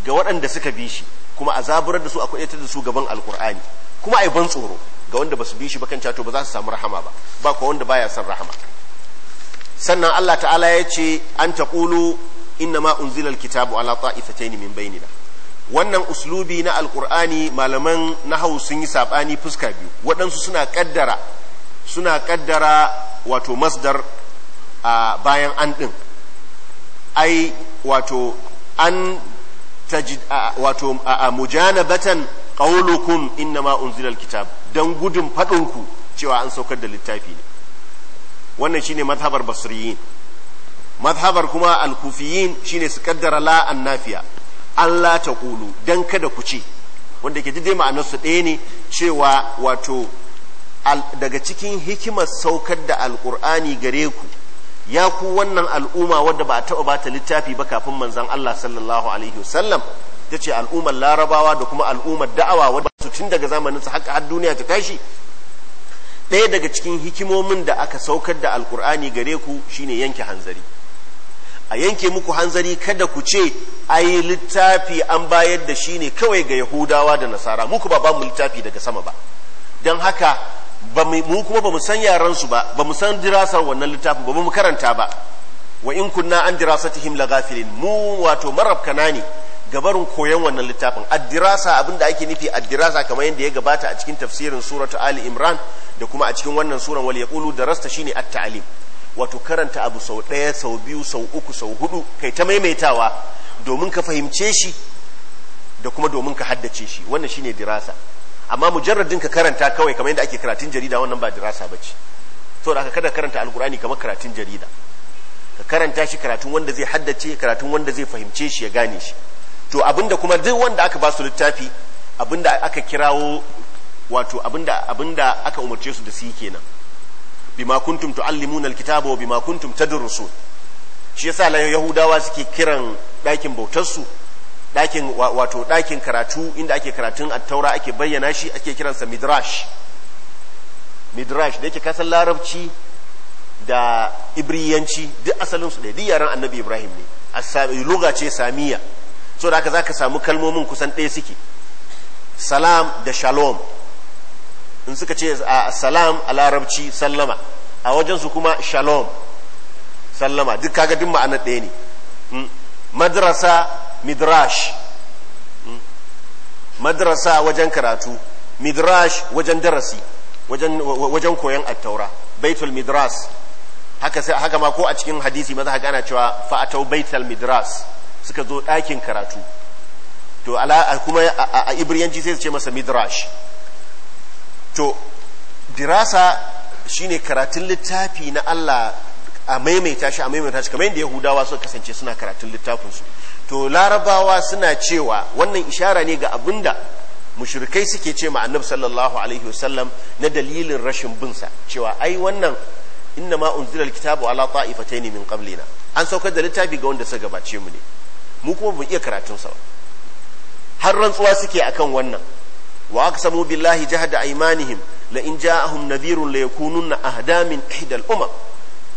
ga waɗanda suka bi shi kuma a zaburar da su a kwaɗaitar da su gaban alkur'ani kuma a yi ban tsoro ga wanda ba su bi shi ba kan to ba za su samu rahama ba ba kuwa wanda baya son rahama sannan Allah ta'ala ya ce an taqulu inna ma unzila alkitabu ala ta'ifatayn min bainina wannan uslubi na alkur'ani malaman nahau sun yi saɓani fuska biyu waɗansu suna ƙaddara suna ƙaddara wato masdar a bayan an ɗin ai wato an wato a mujanabatan qaulukum ma unzila alkitab dan gudun faɗinku cewa an saukar da littafi ne wannan shine mazhabar basriyin mazhabar kuma alkufiyin shine su kaddara la annafiya Allah ta ƙulu don kada ku ce wanda ke dai ma'anarsu ɗaya ne cewa wato daga cikin hikimar saukar da alƙur'ani gare ku ya ku wannan al'umma wadda ba a taɓa ba ta littafi ba kafin manzan Allah sallallahu alaihi wasallam ta ce al'ummar larabawa da kuma al'ummar da'awa wadda su tun daga zamanin su haka har duniya ta tashi ɗaya daga cikin hikimomin da aka saukar da alƙur'ani gare ku shine yanke hanzari a yanke muku hanzari kada ku ce ai littafi an bayar da shi ne kawai ga yahudawa da nasara muku ba ba mu littafi daga sama ba don haka mu kuma ba mu san su ba ba mu san dirasar wannan littafin ba mu karanta ba wa in kunna an ta la ghafilin mu wato na ne gabarin koyon wannan littafin addirasa abinda ake nufi addirasa kamar yadda ya gabata a cikin tafsirin suratu ali imran da kuma a cikin wannan suran wal yaqulu darasta shine at-ta'lim wato karanta abu sau ɗaya sau biyu sau uku sau hudu kai ta maimaitawa domin ka fahimce shi da kuma domin ka haddace shi wannan shine dirasa amma mujarradin ka karanta kawai kamar yadda ake karatun jarida wannan ba dirasa bace to da aka kada karanta alkurani kamar karatun jarida ka karanta shi karatun wanda zai haddace karatun wanda zai fahimce shi ya gane shi to abinda kuma duk wanda aka ba su littafi abinda aka kirawo wato abinda abinda aka umarce su da su yi kenan bima kuntum tuallimuna alkitaba wa bima kuntum tadrusun shi yasa la yahudawa suke kiran dakin bautar su dakin wato dakin karatu inda ake karatun taura ake bayyana shi ake kiran kiransa midrash midrash da yake kasan larabci da ibriyanci duk asalin su duk yaran annabi ibrahim ne luga ce samiya so da haka zaka samu kalmomin kusan ɗaya suke salam da shalom in suka ce salam a larabci sallama a wajensu kuma shalom sallama duk kaga duk ma'anar ɗaya ne hmm. madrasa midrash hmm. madrasa wajen karatu midrash wajen darasi wajen koyon attaura baitul midras haka sai haka ma ko a cikin hadisi maza haka ana cewa fa'atau baitul midras suka zo ɗakin karatu to ala kuma a ibriyanci sai su ce masa midrash to dirasa shine karatun littafi na Allah a maimaita shi a maimaita shi kamar yadda yahudawa suka kasance suna karatun littafinsu to larabawa suna cewa wannan ishara ne ga abinda mushrikai suke ce ma annabi sallallahu alaihi wasallam na dalilin rashin binsa cewa ai wannan inna ma unzila alkitabu ala ta'ifataini min qablina an saukar da littafi ga wanda suka gabace mu ne mu kuma mu iya karatun sa har rantsuwa suke akan wannan wa aqsamu billahi jahda aymanihim la in ja'ahum nadhirun la yakununna ahda ihdal umam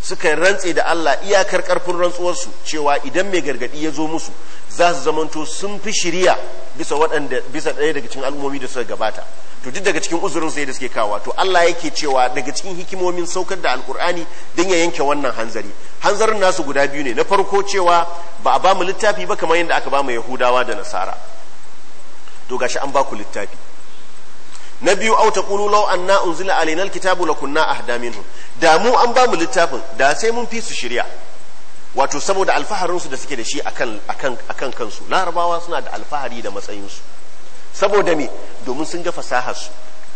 suka rantse da Allah iyakar karfin rantsuwarsu cewa idan mai gargadi ya zo musu za su zamanto sun fi shiriya bisa waɗanda bisa ɗaya daga cikin al'ummomi da suka gabata to duk daga cikin uzurin sai da suke kawa to Allah yake cewa daga cikin hikimomin saukar da alkur'ani dan ya yanke wannan hanzari hanzarin nasu guda biyu ne na farko cewa ba a ba mu littafi ba kamar yadda aka ba mu yahudawa da nasara to gashi an ba ku littafi na biyu au kulu law anna unzila alaina alkitabu lakunna ahda minhum da mu an ba mu littafin da sai mun fi su shirya wato saboda alfaharinsu da suke da shi akan akan kansu larabawa suna da alfahari da matsayinsu saboda me domin sun ga fasahar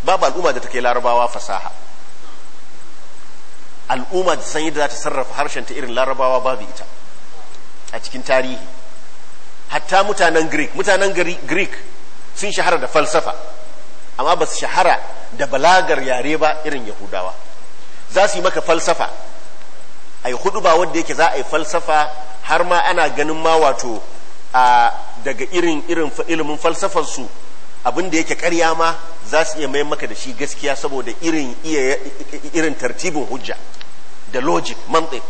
babu al'umma da take larabawa fasaha al'umma da san yadda za ta sarrafa harshen ta irin larabawa babu ita a cikin tarihi hatta mutanen greek mutanen greek sun shahara da falsafa amma ba su shahara da balagar yare ba irin yahudawa za su yi maka falsafa a yi hudu ba wanda yake za a yi falsafa har ma ana ganin ma wato daga irin irin ilimin falsafarsu abin da yake karya ma za su iya mai maka da shi gaskiya saboda irin irin tartibin hujja da logic mantsi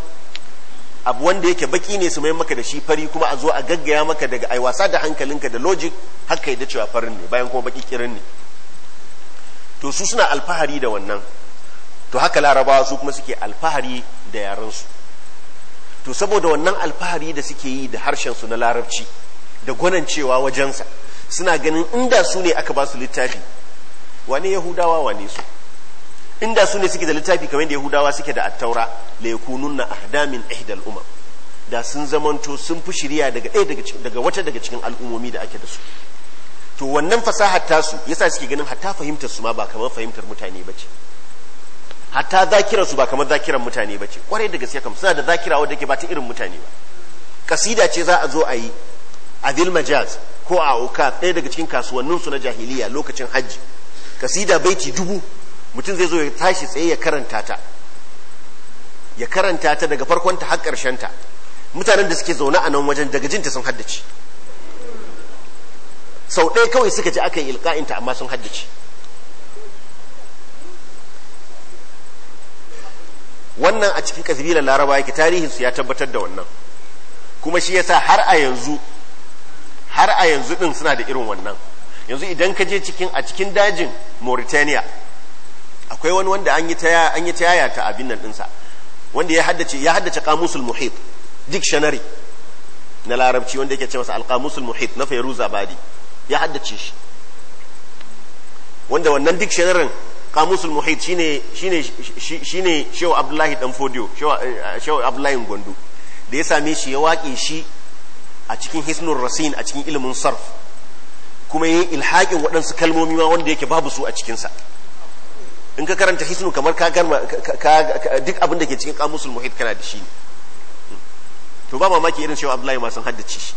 abu wanda yake baki ne su mai maka da shi fari kuma a zo a gaggaya maka daga ai wasa da hankalinka da logic haka yi da farin ne bayan kuma baki kirin ne to su suna alfahari da wannan to haka larabawa su kuma suke alfahari da yarensu to saboda wannan alfahari da suke yi da harshen su na larabci da gwanancewa wajensa suna ganin inda su ne aka ba su littafi wane yahudawa wane su inda su ne suke da littafi kamar da yahudawa suke da attaura la yakununna ahdamin ihdal umam da sun zamanto sun fi shirya daga daga wata daga cikin al'umomi da ake da su to wannan fasahar tasu yasa suke ganin hatta fahimtar su ma ba kamar fahimtar mutane ba ce hatta zakirar su ba kamar zakiran mutane ba ce kwarai da gaske kam suna da zakira wadda ke ba ta irin mutane ba kasida ce za a zo a yi a majaz ko a uka ɗaya daga cikin kasuwannin su na jahiliya lokacin hajji kasida baiti dubu mutum zai zo ya tashi tsaye ya karanta ta ya karanta ta daga farkon ta har karshen ta mutanen da suke zaune a nan wajen daga jinta sun haddace sau ɗaya kawai suka ji aka yi ilka'inta amma sun haddace wannan a cikin kabilar laraba yake tarihinsu ya tabbatar da wannan kuma shi yasa har a yanzu har a yanzu ɗin suna da irin wannan yanzu idan ka je cikin a cikin dajin mauritania akwai wani wanda an yi ta an yi ta yaya ta abin nan ɗinsa wanda ya haddace ya haddace kamusul muhit dictionary na larabci wanda yake ce masa alkamusul muhit na fayruz abadi ya haddace shi wanda wannan duk shanarin kamusul muhit shine shine shine shehu abdullahi dan fodiyo eh, shehu abdullahi gwandu da ya same shi ya waƙe shi a cikin hisnur rasin a cikin ilimin sarf kuma yin ilhaƙin waɗansu kalmomi ma wanda yake babu su a cikinsa in ka karanta hisnu kamar ka garma duk abin da ke cikin kamusul muhit kana da shi ne hmm. to ba mamaki irin cewa abdullahi ma sun haddace shi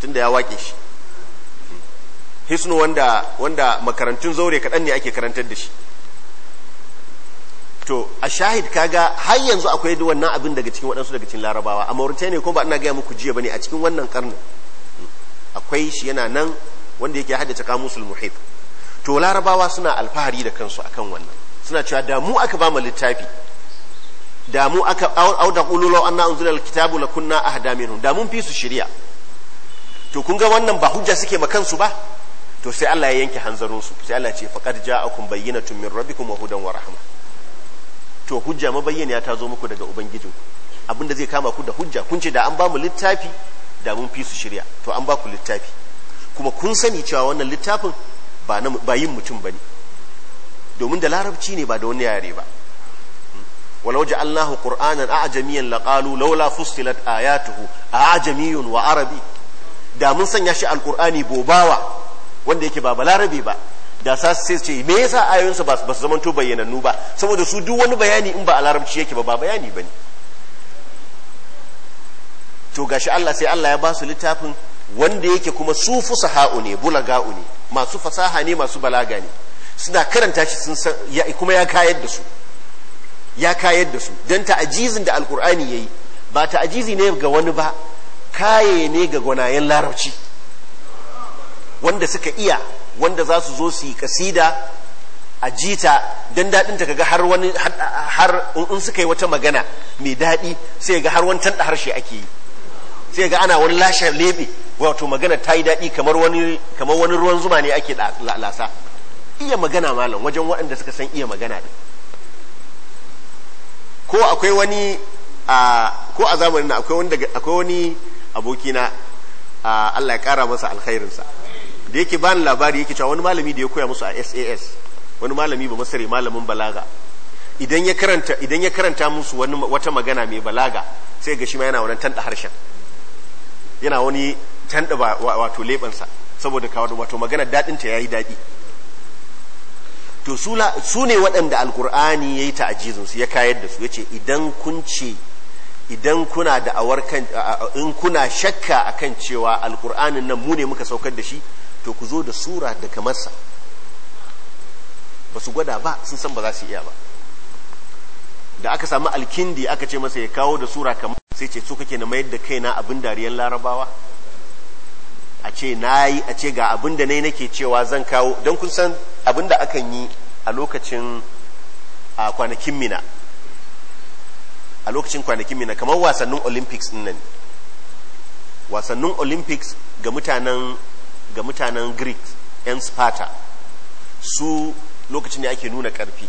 tunda ya waƙe shi hisnu wanda wanda makarantun zaure kaɗan ne ake karantar da shi to a shahid kaga har yanzu akwai wannan abin daga cikin waɗansu daga cikin larabawa a mauritania kuma ba ina gaya muku jiya bane a cikin wannan karnin akwai shi yana nan wanda yake haddace kamusul muhit to larabawa suna alfahari da kansu akan wannan suna cewa da mu aka bamu littafi da mu aka auda qululu anna unzila alkitabu lakunna ahda minhum da mun fi su shari'a to kun ga wannan ba hujja suke ma kansu ba to sai Allah ya yanke su sai Allah ce faqad ja'akum bayyinatun min rabbikum wa hudan wa rahma to hujja mabayyana ta zo muku daga ubangijinku abinda zai kama ku da hujja kun ce da an ba mu littafi da mun fi su shirya to an ba ku littafi kuma kun sani cewa wannan littafin ba ba yin mutum bane domin da larabci ne ba da wani yare ba ja'alnahu qur'anan jami'an laqalu laula لولا ayatuhu a'jamiyun wa arabi da mun sanya shi alqur'ani bobawa wanda yake ba balarabe ba da sa sai ce me yasa ayoyinsa ba su to bayyanannu ba saboda su duk wani bayani in ba a larabci yake ba ba bayani ba ne to gashi Allah sai Allah ya ba su littafin wanda yake kuma su fusaha'u ne bulaga'u ne masu fasaha ne masu balaga ne suna karanta shi sun san kuma ya kayar da su ya kayar da su dan ta'ajizin da alkur'ani yayi ba ta'ajizi ne ga wani ba kaye ne ga gwanayen larabci wanda suka iya wanda za su zo su yi kasida a jita don daɗin ta kaga har wani har in suka yi wata magana mai daɗi sai ga har wancan da harshe ake yi sai ga ana wani lashe lebe wato magana ta yi daɗi kamar wani kamar wani ruwan zuma ne ake lasa iya magana malam wajen waɗanda suka san iya magana ɗin ko akwai wani a ko a zamanin akwai wani abokina Allah ya ƙara masa alkhairinsa da yake ni labari yake cewa wani malami da ya koya musu a SAS wani malami ba masare malamin balaga idan ya karanta idan ya karanta musu wani wata magana mai balaga sai ga shi ma yana wani tanda harshen yana wani tanda wato lebansa saboda kawo wato magana dadin ta yayi dadi to su ne waɗanda alkur'ani ya yi su ya kayar da su yace idan kun ce idan kuna da awar in kuna shakka akan cewa alkur'anin nan mu ne muka saukar da shi to ku zo da sura da kamarsa ba su gwada ba sun san ba za su iya ba da aka samu alkindi aka ce masa ya kawo da sura kamar sai ce so kake na mayar da kaina abin dariyar larabawa a ce na yi a ce ga abin da nai nake cewa zan kawo don kun san abin da akan yi a lokacin a kwanakin mina a lokacin kwanakin mina kamar wasannin olympics din nan wasannin olympics ga mutanen ga mutanen greek 'yan sparta su lokacin da ake nuna karfi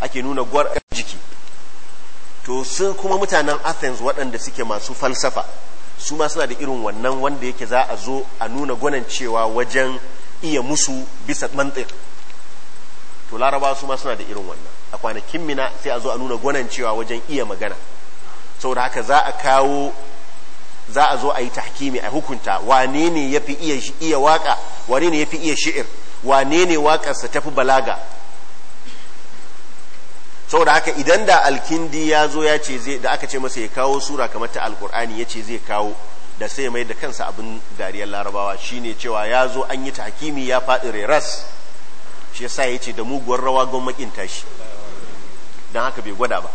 ake nuna gwar jiki to sun kuma mutanen athens waɗanda suke masu falsafa su ma suna da irin wannan wanda yake za a zo a nuna gwanan cewa wajen iya musu bisa mantir. to laraba su ma suna da irin wannan a kwanakin mina sai a zo a nuna gwanan cewa wajen iya magana saboda haka za a kawo za a zo a yi tahkimi a hukunta wane ne ya fi iya waka wane ne ya fi iya shi'ir wane ne waƙarsa tafi balaga saboda haka idan da alkindi ya zo ya ce zai da aka ce masa ya kawo sura kamar ta alkur'ani ya ce zai kawo da sai mai da kansa abin dariyar larabawa shine cewa ya zo an yi tahkimi ya faɗi reras shi yasa ya ce da muguwar rawa gon makinta shi don haka bai gwada ba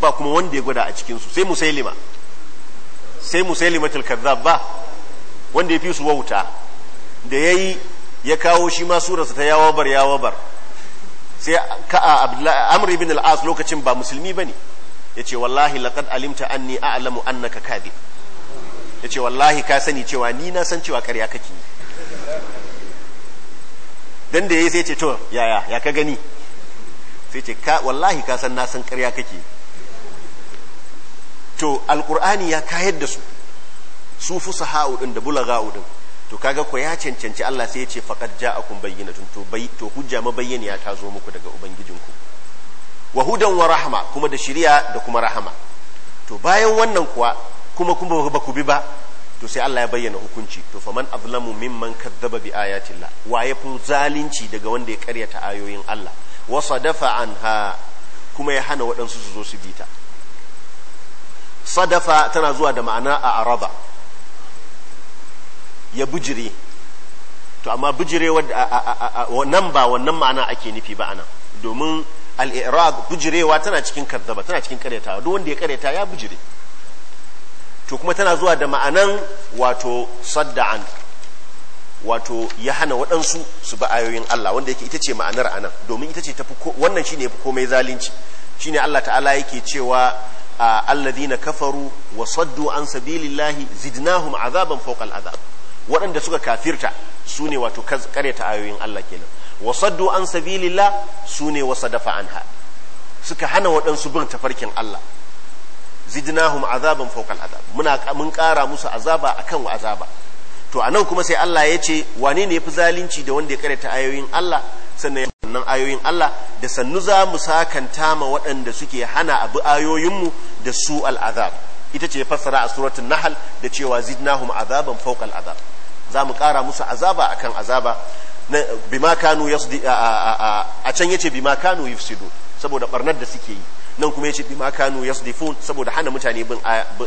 ba kuma wanda ya gwada a cikinsu sai musailima sai musailimatul kazzab ba wanda ya fi su wauta da ya yi ya kawo shi ma surarsa ta yawabar yawabar sai ka'a amri bin al'as lokacin ba musulmi ba ne ya ce wallahi laqad alimta anni a'lamu annaka kadhib ya ce wallahi ka sani cewa ni na san cewa karya kake dan da yayi sai ce to yaya ya ka gani sai ce wallahi ka san na san karya kake to alkur'ani ya kayar da su su fusa ha'udin da bulaga udin to kaga ko ya cancanci Allah sai ya ce faqad ja'akum bayyinatun to bai to hujja mabayyaniya ta zo muku daga ubangijinku wa hudan wa rahma kuma da shiriya da kuma rahama to bayan wannan kuwa kuma kuma ba ku bi ba to sai Allah ya bayyana hukunci to faman azlamu mimman kadzaba bi ayatillah wa ya fi zalunci daga wanda ya karyata ayoyin Allah wa sadafa anha kuma ya hana waɗansu su zo su bita sadafa tana zuwa da ma'ana a araba ya bujire to amma bujire wannan ba wannan ma'ana ake nufi ba ana domin al'irab bujirewa tana cikin karzaba tana cikin karyatawa duk wanda ya karyata ya bujire to kuma tana zuwa da ma'anan wato sadda'an wato ya hana waɗansu su ba ayoyin Allah wanda yake ita ce ma'anar anan domin ita ce ta fi wannan shine fi komai zalunci ne Allah ta'ala yake cewa alladhina kafaru wa saddu an sabilillahi zidnahum azaban fawqa al'azab waɗanda suka kafirta su ne wato karyata ayoyin Allah kenan wa saddu an sabilillah su ne wa sadafa anha suka hana waɗansu bin tafarkin Allah zidnahum azaban fawqa al'azab muna mun ƙara musu azaba akan azaba to a anan kuma sai Allah ya ce wane ne fi zalunci da wanda ya karanta ayoyin Allah sannan wannan ayoyin Allah da sannu za mu sakanta ma waɗanda suke hana abu ayoyinmu da su al'azab ita ce fassara a suratul nahl da cewa zidnahum azaban fawqa al'azab za mu ƙara musu azaba akan azaba bima kanu yasdi a can yace bima kanu yufsidu saboda barnar da suke yi nan kuma yace bima kanu yasdifun saboda hana mutane bin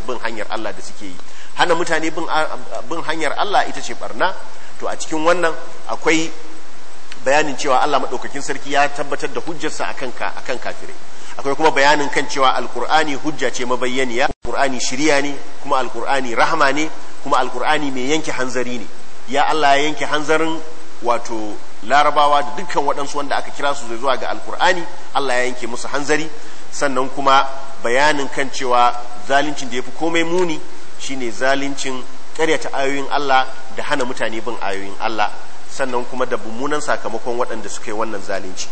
bin hanyar Allah da suke yi hana mutane bin hanyar Allah ita ce barna to a cikin wannan akwai bayanin cewa Allah madaukakin sarki ya tabbatar da hujjarsa akan ka akan kafirai akwai kuma bayanin kan cewa alqur'ani hujja ce mabayyaniya alqur'ani shiriya ne kuma alqur'ani rahma ne kuma alqur'ani mai yanke hanzari ne ya Allah ya yanke hanzarin wato larabawa da dukkan waɗansu wanda aka kira su zuwa ga alkur'ani allah ya yanke musu hanzari sannan kuma bayanin kan cewa zalincin da ya fi komai muni shine zalincin ƙaryata ayoyin Allah da hana mutane bin ayoyin Allah sannan kuma da mummunan sakamakon waɗanda suka yi wannan zalunci.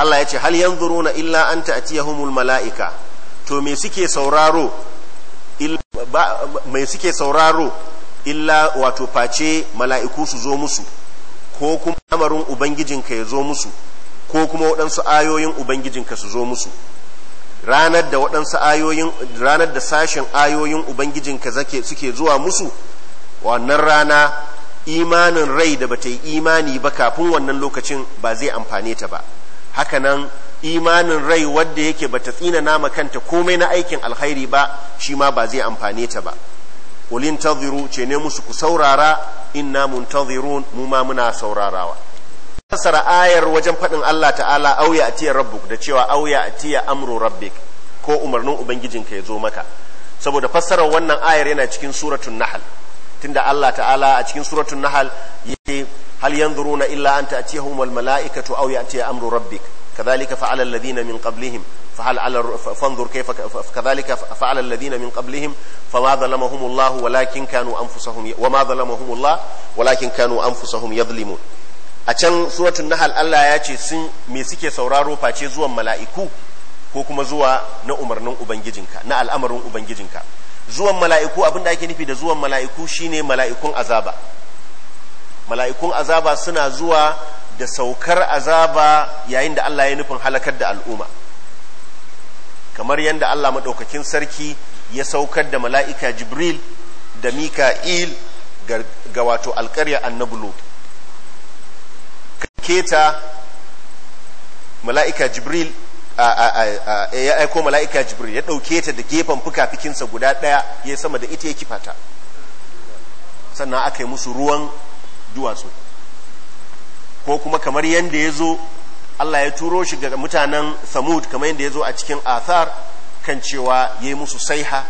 Allah ya ce hal yanzuruna illa an ta'tiyahumul mala'ika to me suke sauraro me suke sauraro illa wato face mala'iku su zo musu ko kuma amarin ubangijinka ya zo musu ko kuma waɗansu ayoyin ubangijinka su zo musu ranar da waɗansu ayoyin ranar da sashen ayoyin ubangijinka zake suke zuwa musu wannan rana imanin rai da bata yi imani ba kafin wannan lokacin ba zai amfane ta ba hakanan imanin rai wadda yake bata tsina nama kanta komai na aikin alkhairi ba shi ma ba zai amfane ta ba ulin taziru ce ne musu ku saurara inna muntazirun mu ma muna saurarawa fassara ayar wajen faɗin Allah ta'ala auya atiya rabbuk da cewa auya atiya amro rabbik ko umarnin ubangijinka ya zo maka saboda fassarar wannan ayar yana cikin suratun nahal. tunda Allah ta'ala a cikin suratul nahl yake hal yanzuruna illa an ta'tiyahum al mala'ikatu aw ya'tiya amru rabbik kadhalika fa'ala alladhina min qablihim فهل على فانظر كيف كذلك فعل الذين من قبلهم فما ظلمهم الله ولكن كانوا انفسهم وما ظلمهم الله ولكن كانوا انفسهم يظلمون a can suratul nahal Allah ya ce sun me suke sauraro face zuwan mala'iku ko kuma zuwa na umarnin ubangijinka na al'amarin ubangijinka zuwan mala'iku abin da ake nufi da zuwan mala'iku shine mala'ikun azaba mala'ikun azaba suna zuwa da saukar azaba yayin da Allah ya nufin halakar da al'umma kamar yadda Allah maɗaukakin sarki ya saukar da mala'ika jibril da mika'il ga wato alƙarya annabulu keta mala'ika jibril ya aiko mala'ika jibril ya ɗauke ta da gefen fuka-fikinsa guda ɗaya ya sama da ita ya kifata sannan aka yi musu ruwan duwatsu ko kuma kamar yadda ya zo Allah ya turo shi ga mutanen samud kamar yadda ya zo a cikin athar kan cewa ya yi musu saiha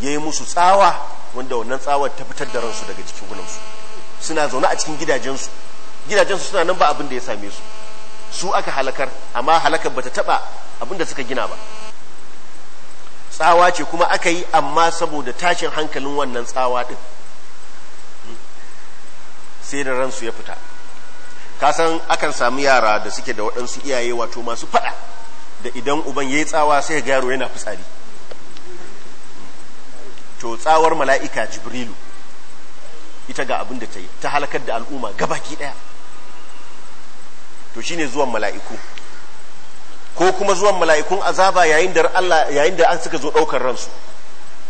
ya yi musu tsawa wanda wannan tsawar ta fitar da ransu daga cikin gunansu suna zaune a cikin gidajensu gidajensu suna nan ba abin da ya same su su aka halakar amma halakar bata taba abinda suka gina ba tsawa ce kuma aka yi amma saboda tashin hankalin wannan tsawa din sai da ransu ya fita kasan akan samu yara da suke da waɗansu iyaye wato masu faɗa da idan uban ya yi tsawa sai ga yaro yana fitsari to tsawar mala'ika jibrilu ita ga abin da ta yi ta halakar da al'umma gabaki ɗaya to shine zuwan mala'iku ko kuma zuwan mala'ikun azaba yayin da Allah yayin da an suka zo daukar ransu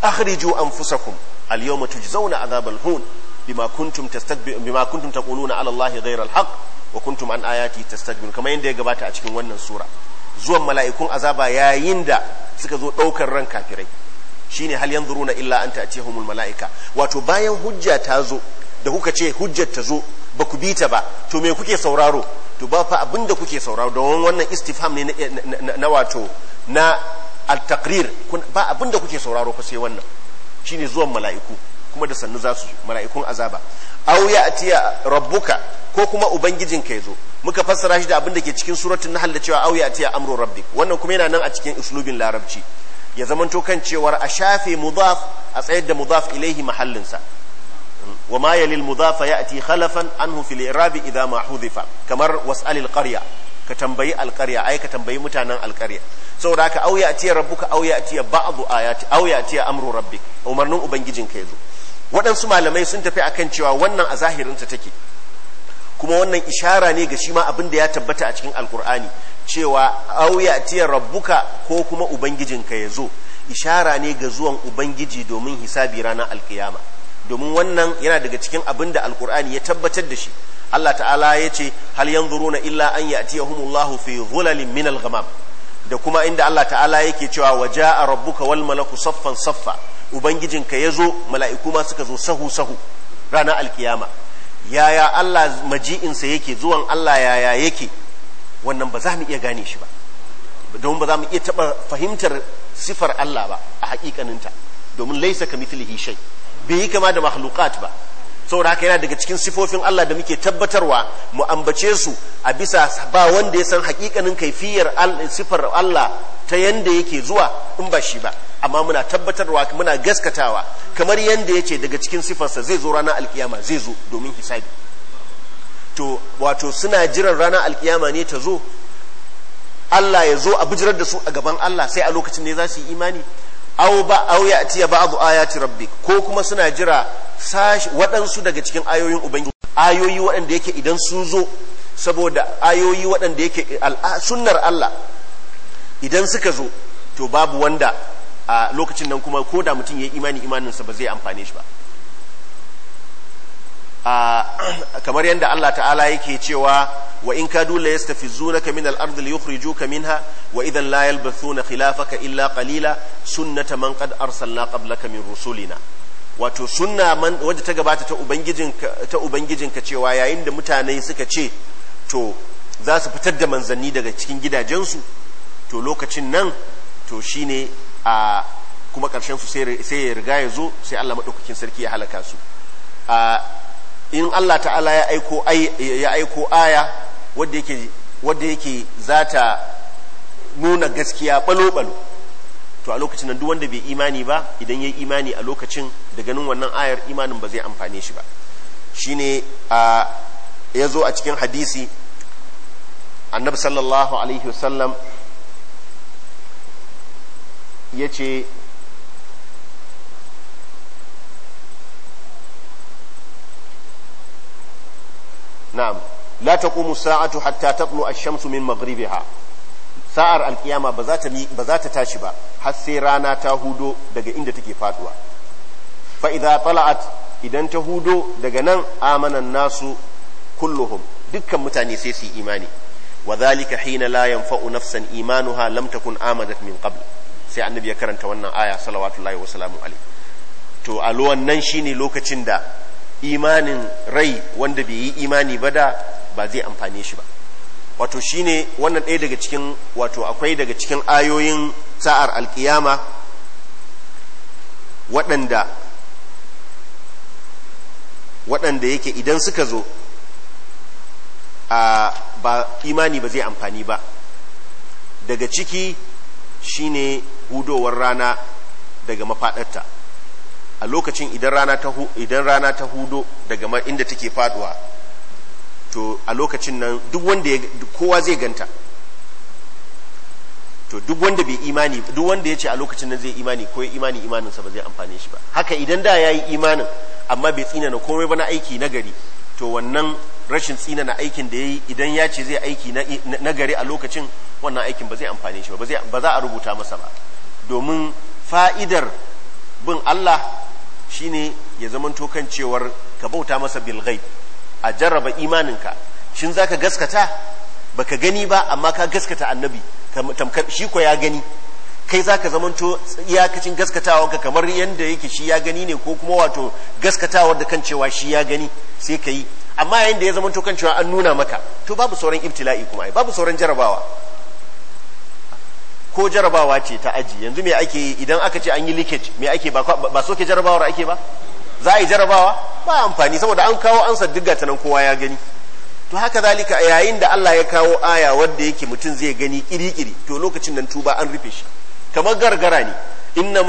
akhriju anfusakum al-yawma tujzauna azabal hun bima kuntum tastakbirun bima kuntum taquluna ala Allah ghayra al-haq wa kuntum an ayati tastakbirun kamar yadda ya gabata a cikin wannan sura zuwan mala'ikun azaba yayin da suka zo daukar ran kafirai shine hal yanzuruna illa an ta'tiyahumul mala'ika wato bayan hujja ta zo da kuka ce hujjar ta zo ba ku bi ta ba to me kuke sauraro to ba fa abinda kuke sauraro don wannan istifham ne na wato na al-taqrir ba abinda kuke sauraro fa sai wannan shine zuwan mala'iku kuma da sannu za su mala'ikun azaba aw atiya rabbuka ko kuma ubangijin ubangijinka yazo muka fassara shi da abinda ke cikin suratul nahl da cewa aw atiya amru rabbik wannan kuma yana nan a cikin uslubin larabci ya zamanto kan cewar a shafe mudaf a tsayar da mudaf ilaihi mahallinsa wa ma yalil mudhafa ya'ti khalafan anhu fil i'rab idha ma hudhifa kamar was'alil qarya ka tambayi alƙarya ai ka tambayi mutanen alƙarya saboda haka au ya'ti rabbuka au ya'ti ba'du ayati au ya'ti amru rabbik umarnin ubangijin ka yazo waɗansu malamai sun tafi akan cewa wannan a zahirin take kuma wannan ishara ne ga shi ma abin da ya tabbata a cikin alkur'ani cewa au ya'ti rabbuka ko kuma ubangijin ka yazo ishara ne ga zuwan ubangiji domin hisabi ranar alkiyama domin wannan yana daga cikin abin da alkur'ani ya tabbatar da shi Allah ta'ala ya ce hal yanzuruna illa an ya'tiyahumullahu fi dhulalin min al-ghamam da kuma inda Allah ta'ala yake cewa waja'a rabbuka wal malaku saffan saffa ubangijinka yazo mala'iku ma suka zo sahu sahu ranar alkiyama yaya Allah maji'insa yake zuwan Allah yaya yake wannan ba za mu iya gane shi ba domin ba za mu iya taɓa fahimtar sifar Allah ba a hakikaninta domin laisa ka shay' bai yi kama da mahlukat ba saboda haka yana daga cikin sifofin Allah da muke tabbatarwa mu ambace su a bisa ba wanda ya san hakikanin kaifiyar sifar Allah ta yanda yake zuwa in ba shi ba amma muna tabbatarwa muna gaskatawa kamar yanda ya ce daga cikin sifarsa zai zo ranar alkiyama zai zo domin hisabi to wato suna jiran ranar alkiyama ne ta zo Allah ya zo a bijirar da su a gaban Allah sai a lokacin ne za su yi imani au ba au ya aw ba ba'du ayati rabbik ko kuma suna jira waɗansu daga cikin ayoyin ubangiji ayoyi waɗanda yake idan sun zo saboda ayoyi waɗanda yake sunnar Allah idan suka zo to babu wanda a lokacin nan kuma ko da mutum ya imani imaninsa ba zai amfane shi ba kamar yadda Allah ta'ala yake cewa wa in dula la yastafizunaka min al-ardi li min ha wa idhan la na khilafaka illa kalila sunnata man qad arsalna qablaka min rusulina wato sunna man wadda ta gabata ta ubangijin ta ubangijinka cewa yayin da mutane suka ce to za su fitar da manzanni daga cikin gidajensu to lokacin nan to shine a kuma karshen su sai ya riga ya zo sai Allah madaukakin sarki ya halaka su a in Allah ta'ala ya aiko ya aiko aya wanda yake wadda yake zata nuna gaskiya balo balo to a lokacin nan duk wanda bai imani ba idan yayi imani a lokacin da ganin wannan ayar imanin ba zai amfane shi ba shine a yazo a cikin hadisi annabi sallallahu alaihi wasallam yace na'am la taqumu sa'atu hatta tatlu a shamsu min ha sa'ar alkiyama ba za ta ta tashi ba har sai rana ta hudo daga inda take faduwa fa idza idan ta hudo daga nan amanan nasu kulluhum dukkan mutane sai su imani wa zalika hina la yanfa'u nafsan ha lamta kun amanat min qabl sai annabi ya karanta wannan aya salawatullahi wa alaihi to a shine lokacin da imanin rai wanda bai yi imani ba da ba zai amfane shi ba wato shine wannan ɗaya daga cikin wato akwai daga cikin ayoyin sa'ar alkiyama waɗanda waɗanda yake idan suka zo a ba imani ba zai amfani ba daga ciki shine hudowar rana daga mafaɗarta a lokacin idan rana ta idan rana ta hudo daga inda take faduwa to a lokacin nan duk wanda kowa zai ganta to duk wanda bai imani duk wanda ya ce a lokacin nan zai imani ko ya imani imaninsa ba zai amfane shi ba haka idan da ya yi imanin amma bai tsina na komai ba na aiki na gari to wannan rashin tsina na aikin da ya yi idan ya ce zai aiki na gari a lokacin wannan aikin ba zai amfane shi ba ba za a rubuta masa ba domin fa'idar bin Allah shine ya zamanto kan cewar ka bauta masa bilgai a jarraba imaninka shin ka gaskata ba ka gani ba amma ka gaskata annabi shi ko ya gani kai za zaka zamanto iyakacin gaskatawanka kamar yanda yake shi ya gani ne ko kuma wato gaskatawar da kan cewa shi ya gani sai ka yi amma yayin da ya zamanto kan cewa an nuna maka to babu sauran ibtila'i kuma babu sauran jarabawa ko jarabawa ce ta aji yanzu me ake yi idan aka ce an yi leakage me ake ba ba soke jarabawar ake ba za a yi jarabawa ba amfani saboda an kawo an saddiga ta nan kowa ya gani to haka zalika yayin da Allah ya kawo aya wanda yake mutum zai gani kiri-kiri to lokacin nan tuba an rufe shi kamar gargara ne inna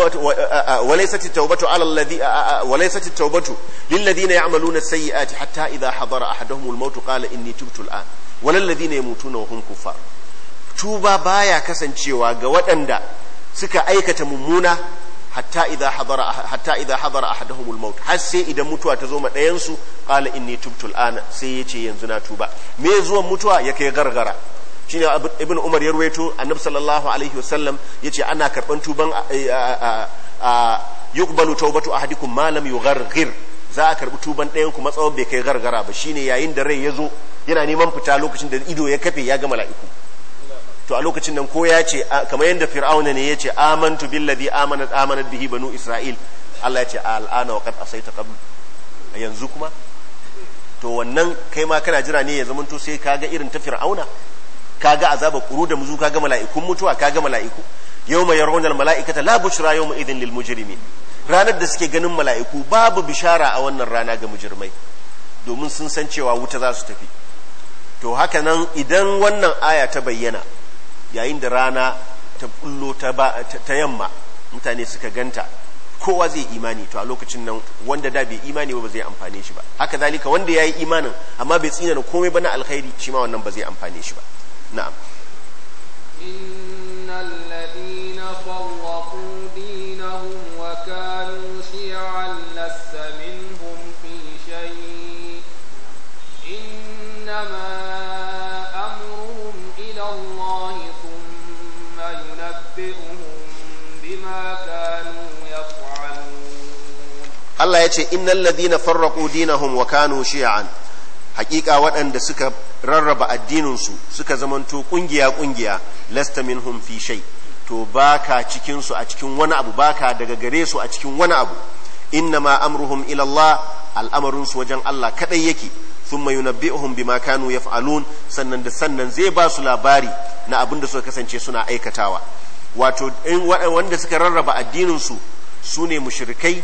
walaysat at-tawbatu 'ala alladhi walaysat tawbatu lil ladina ya'maluna sayyiati hatta idha hadara ahaduhum al-maut qala inni tubtu al-an wal ladina yamutuna wa hum kuffar tuba baya kasancewa ga waɗanda suka aikata mummuna hatta idza hadara ah, hatta hadara ahaduhumul maut har sai idan mutuwa ta zo ma ɗayan su qala inni tubtul ana sai yace yanzu na tuba me zuwan mutuwa ya kai gargara shine ibn umar ya ruwaito annabi sallallahu alaihi wasallam yace ana karban tuban yuqbalu tawbatu ahadikum ma lam yugharghir za a karbi tuban ɗayan kuma tsawon bai kai gargara ba shine yayin da rai ya zo yana neman fita lokacin da ido ya kafe ya ga mala'iku to a lokacin nan ko ya ce kamar yadda fir'auna ne ya ce amantu billadhi amanat amanat bihi banu isra'il Allah ya ce al'ana wa qad asaita qabl yanzu kuma to wannan kai ma kana jira ne ya zamanto sai kaga irin ta fir'auna kaga azaba kuru da muzu kaga mala'ikun mutuwa kaga mala'iku yawma yarawna al-mala'ikata la bushra yawma idhin lil mujrimin ranar da suke ganin mala'iku babu bishara a wannan rana ga mujrimai domin sun san cewa wuta za su tafi to haka nan idan wannan aya ta bayyana yayin da rana ta bullo ta, ta yamma mutane suka ganta kowa zai imani to a lokacin nan wanda da bai imani ba zai amfane shi ba haka zalika wanda ya yi imanin amma bai tsina da komai ba na alkhairi shi ma wannan ba zai amfane shi ba na'am Allah ya ce innal ladina farraqu dinahum wa kanu shi'an hakika waɗanda suka rarraba addinin su suka zamanto kungiya kungiya lasta minhum fi shay to baka cikin su a cikin wani abu baka daga gare su a cikin wani abu innama amruhum ila Allah al'amarin su wajen Allah kadai yake thumma yunabbi'uhum bima kanu yaf'alun sannan da sannan zai ba su labari na abin da suka kasance suna aikatawa wato in wanda suka rarraba addinin su sune mushrikai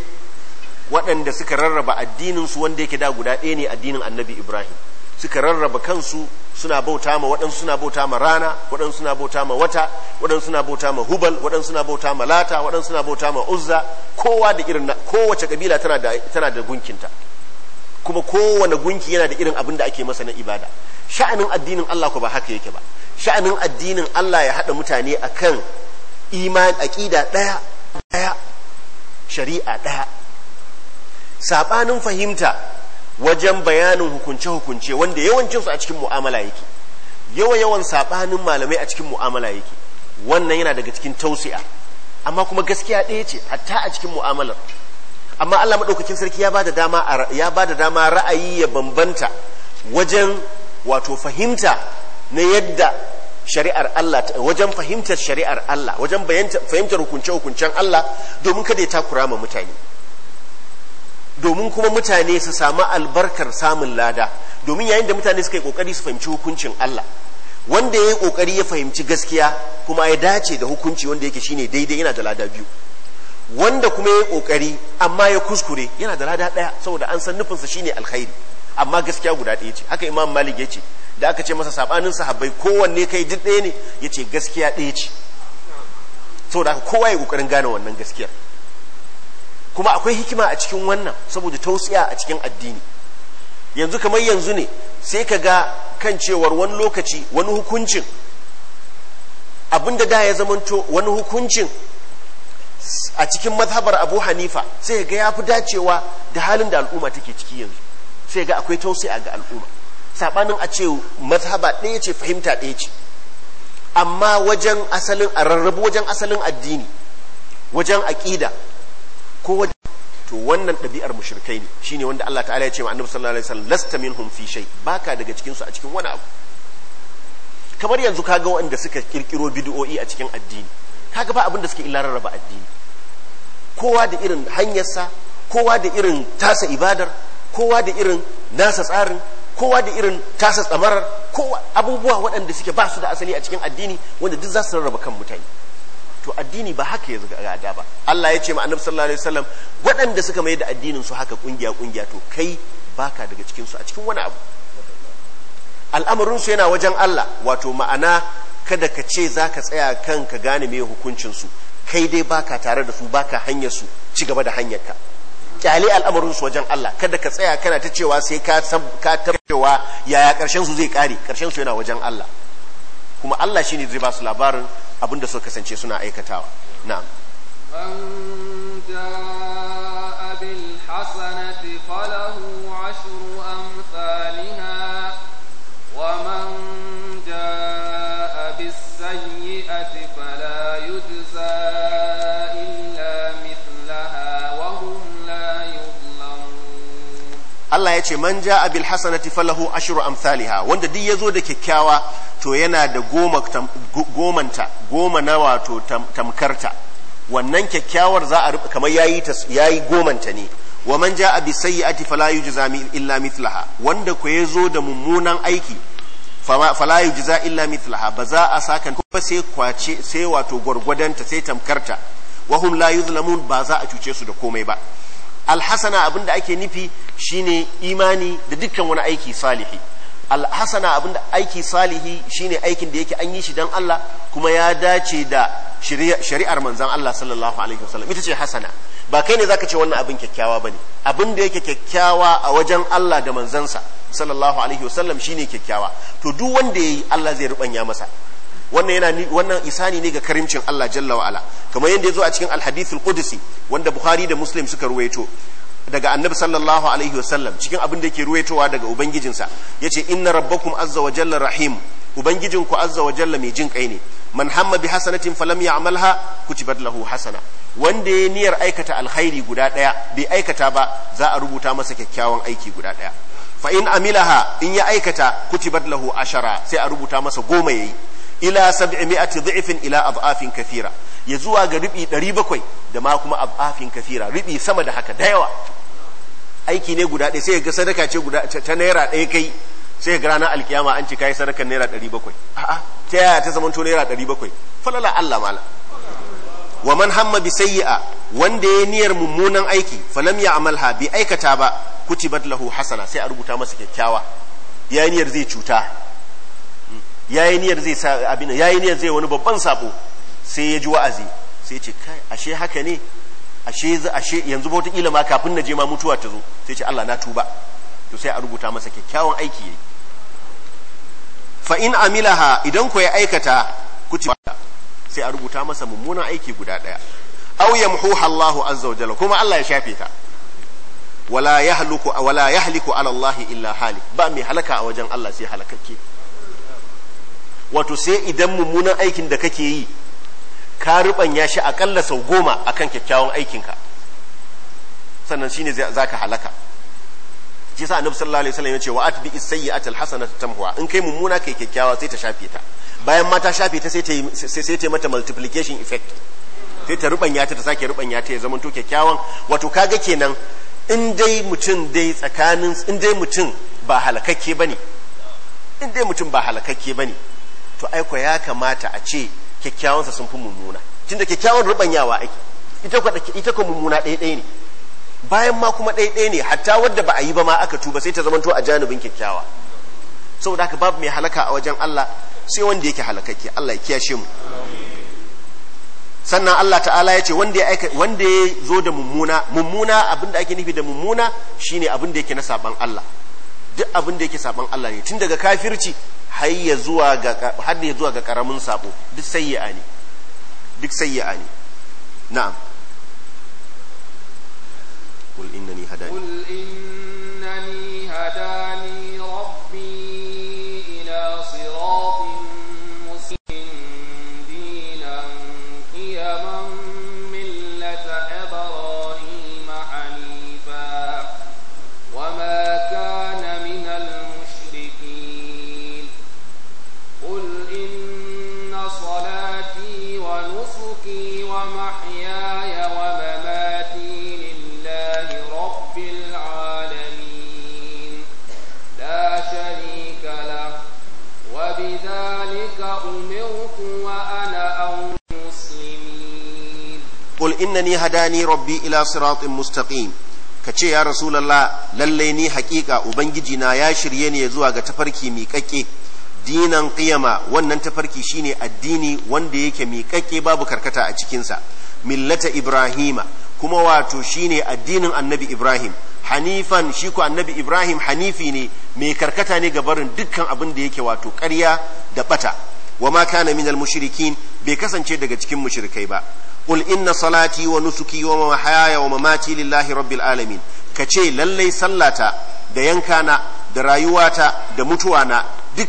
waɗanda suka rarraba addininsu wanda yake da guda ɗaya ne addinin annabi ibrahim suka rarraba kansu suna bauta ma waɗansu suna bauta ma rana waɗansu suna bauta ma wata waɗansu suna bauta ma hubal waɗansu suna bauta ma lata waɗansu suna bauta ma uzza kowa da irin kowace kabila tana da tana da gunkinta kuma kowane gunki yana da irin abin da ake masa na ibada sha'anin addinin Allah ko ba haka yake ba sha'anin addinin Allah ya haɗa mutane akan iman aqida daya ɗaya shari'a ɗaya saɓanin fahimta wajen bayanin hukunce-hukunce wanda yawancinsu a cikin mu'amala yake yawa-yawan sabanin malamai a cikin mu'amala yake wannan yana daga cikin tausi'a amma kuma gaskiya ɗaya ce hatta a cikin mu'amalar amma Allah maɗaukakin sarki ya bada dama ya bada dama ra'ayi ya bambanta wajen wato fahimta na yadda shari'ar Allah wajen fahimtar shari'ar Allah wajen fahimtar hukunce-hukuncen Allah domin kada ya takura ma mutane domin kuma mutane su samu albarkar samun lada domin yayin da mutane suka yi kokari su fahimci hukuncin Allah wanda ya yi kokari ya fahimci gaskiya kuma ya dace da hukunci wanda yake shine daidai yana da lada biyu wanda kuma ya yi kokari amma ya kuskure yana da lada daya saboda an san nufinsa shine alkhairi amma gaskiya guda ɗaya ce haka imam malik ya ce da aka ce masa sabanin sahabbai kowanne kai duk ɗaya ne ya ce gaskiya ɗaya ce saboda kowa ya kokarin gane wannan gaskiyar kuma akwai hikima a cikin wannan saboda tausiya a cikin addini yanzu kamar yanzu ne sai ka ga kan cewar wani lokaci wani hukuncin abinda da ya zamanto wani hukuncin a cikin mazhabar abu hanifa sai ga ya fi dacewa da halin da al'umma take ciki yanzu sai ga akwai tausiya ga al'umma saɓanin a ce mazhaba ɗaya ce fahimta ɗaya ce amma wajen asalin a rarrabu wajen asalin addini wajen aƙida ko to wannan ɗabi'ar mushrikai ne shine wanda Allah ta'ala ya ce ma annabi sallallahu alaihi wasallam lasta minhum fi shay baka daga cikin su a cikin wani abu kamar yanzu kaga wanda suka kirkiro bid'o'i a cikin addini kaga ba abin da suke illa addini kowa da irin hanyarsa kowa da irin tasa ibadar kowa da irin nasa tsarin kowa da irin tasa tsamarar kowa abubuwa waɗanda suke ba su da asali a cikin addini wanda duk za su rarraba kan mutane to addini ba haka ya al'ada ba Allah ya ce ma annabi sallallahu alaihi wasallam waɗanda suka mai da addinin su haka kungiya kungiya to kai baka daga cikin su a cikin wani abu al'amarin su yana wajen Allah wato ma'ana kada ka ce zaka tsaya kan ka gane me hukuncin su kai dai baka tare da su baka hanyar su ci gaba da hanyar ka kyale al'amarin su wajen Allah kada ka tsaya kana ta cewa sai ka ka yaya karshen su zai kare karshen su yana wajen Allah kuma Allah shi ne zai ba su labarin abin da suka kasance suna aikatawa na'am man
bil hasanati falahu ashru
Allah ya ce man ja abil hasanati falahu ashru amsalha wanda duk yazo da kyakkyawa to yana da goma gomanta goma na wato tamkarta wannan kyakkyawar za a kamar yayi yayi gomanta ne wa man ja bis sayyi'ati fala yujza illa mithlaha wanda ko yazo da mummunan aiki fala yujza illa mithlaha ba za a saka ba sai kwace sai wato gurgudanta sai tamkarta wahum la yuzlamun ba za a cuce su da komai ba alhasana abin da ake nufi shine imani da dukkan wani aiki salihi alhasana abin da aiki salihi shine aikin da yake an yi shi dan Allah kuma ya dace da shari'ar manzan Allah sallallahu alaihi wasallam ita ce hasana ba kai ne zaka ce wannan abin kyakkyawa bane abin da yake kyakkyawa a wajen Allah da manzansa sallallahu alaihi wasallam shine kyakkyawa to duk wanda yayi Allah zai rubanya masa wannan yana wannan isani ne ga karimcin Allah jalla wa ala kamar yadda yazo a cikin al-hadithul wanda Bukhari da Muslim suka ruwaito daga annabi sallallahu alaihi wasallam cikin abin da yake ruwaitowa daga ubangijinsa yace inna rabbakum azza wa jalla rahim ku azza wa jalla mai jin kai ne man hamma bi hasanatin falam ya'malha kutibat lahu hasana wanda ya niyyar aikata alkhairi guda daya bai aikata ba za a rubuta masa kyakkyawan aiki guda daya fa in amilaha in ya aikata kutibat lahu ashara sai a rubuta masa goma yayi ila 700 dhifin ila adhafin kathira ya zuwa ga ribi 700 da ma kuma adhafin kathira ribi sama da haka da yawa aiki ne guda ɗaya sai ga sadaka ce guda ta naira ɗaya kai sai ga ranar alkiyama an ci kai sadakar naira 700 a'a ta yaya ta zama to naira 700 falala Allah mala wa man hamma bi sayyi'a wanda ya niyyar mummunan aiki falam ya'malha bi aikata ba kutibat lahu hasana sai a rubuta masa kyakkyawa ya niyyar zai cuta yayi niyyar zai sa abin yayi niyyar zai wani babban sabo sai ya ji wa'azi sai ce kai ashe haka ne ashe yanzu ba wata ma kafin na je ma mutuwa ta zo sai ce Allah na tuba to sai a rubuta masa kyakkyawan aiki yayi fa in amilaha idan ku ya aikata kuci sai a rubuta masa mummunan aiki guda daya aw yamhuha Allahu azza wa jalla kuma Allah ya shafe ta wala yahliku wala Allah illa halik ba mai halaka a wajen Allah sai halakakke wato sai idan mummunan aikin da kake yi ka ruɓanya shi aƙalla sau goma a kan kyakkyawan aikinka sannan shi ne za ka halaka shi sa annabi sallallahu alaihi wasallam ya ce wa atbi as-sayyi'ata al-hasanata tamhuwa in kai mummuna kai kyakkyawa sai ta shafe ta bayan ma ta shafe ta sai ta sai ta mata multiplication effect sai ta rubanya ta ta sake rubanya ta ya zama to kyakkyawan wato kaga kenan in dai mutum dai tsakanin in dai mutum ba halakakke bane in dai mutum ba halakakke bane to aiko ya kamata a ce kyakkyawansa sun fi mummuna tunda kyakkyawan rubanyawa ake ita ko mummuna ɗaya ne bayan ma kuma ɗaya ne hatta wadda ba a yi ba ma aka tuba sai ta zamanto a janibin kyakkyawa saboda haka babu mai halaka a wajen Allah sai wanda yake halakakke Allah ya kiyashe mu sannan Allah ta'ala ya ce wanda ya zo da mummuna mummuna abinda ake nufi da mummuna shine abinda yake na saban Allah duk abin da yake saban Allah ne tun daga kafirci har ya zuwa ga har ya zuwa ga karamin sabo duk sayyi'a ne duk sayyi'a ne na'am kul innani hadani
kul innani hadani rabbi ila siratin mustaqim dinan qiyamam
qul innani hadani rabbi ila siratin mustaqim ka ce ya rasulallah lalle ni hakika ubangiji na ya shirye ni zuwa ga tafarki miƙaƙe dinan qiyama wannan tafarki shine addini wanda yake miƙaƙe babu karkata a cikinsa millata ibrahima kuma wato shine addinin annabi ibrahim hanifan shi ko annabi ibrahim hanifi ne mai karkata ne ga barin dukkan abin da yake wato ƙarya da bata wa ma kana minal mushrikin bai kasance daga cikin mushrikai ba Ul inna salati wa nusuki wa mahaya wa mamati lillahi rabbil alamin ce lallai sallata da yankana da rayuwata da mutuwana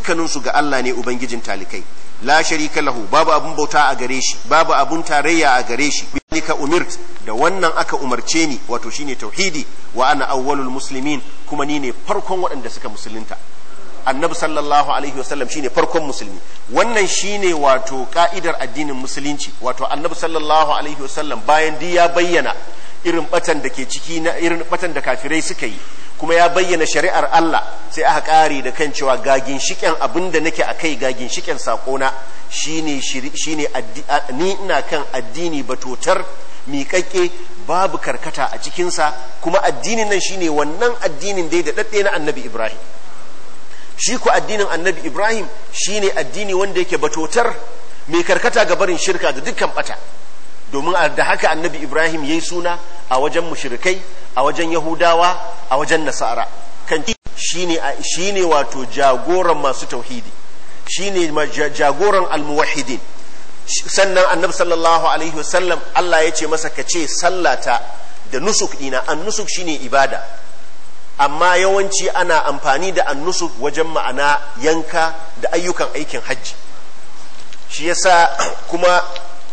na su ga Allah ne ubangijin talikai la sharika lahu babu abun bauta a gare shi babu abun tarayya a gare shi bilika umirt da wannan aka umarce ni wato shine tauhidi wa ana awwalul muslimin kuma ni ne farkon waɗanda suka musulunta annabi sallallahu alaihi wasallam shine farkon musulmi wannan shine wato ka'idar addinin musulunci wato annabi sallallahu alaihi wasallam bayan duk ya bayyana irin batan da ke ciki na irin batan da kafirai suka yi kuma ya bayyana shari'ar Allah sai aka kare da kan cewa gagin shiken abin da nake akai gagin shiken sakona shine shine ni ina kan addini batotar miƙaƙe babu karkata a cikinsa kuma addinin nan shine wannan addinin da ya daɗaɗɗe na annabi Ibrahim shi ku addinin annabi ibrahim shine addini wanda yake batotar mai karkata ga barin shirka da dukkan bata domin da haka annabi ibrahim ya yi suna a wajen mushirikai, a wajen yahudawa a wajen nasara kan shi ne wato jagoran masu tauhidi shi ne jagoran almuwahidin sannan annabi sallallahu alaihi wasallam allah ya ce masa ka ce sallata da nusuk dina an nusuk shine ibada amma yawanci ana amfani da annusu wajen ma'ana yanka da ayyukan aikin hajji shi yasa kuma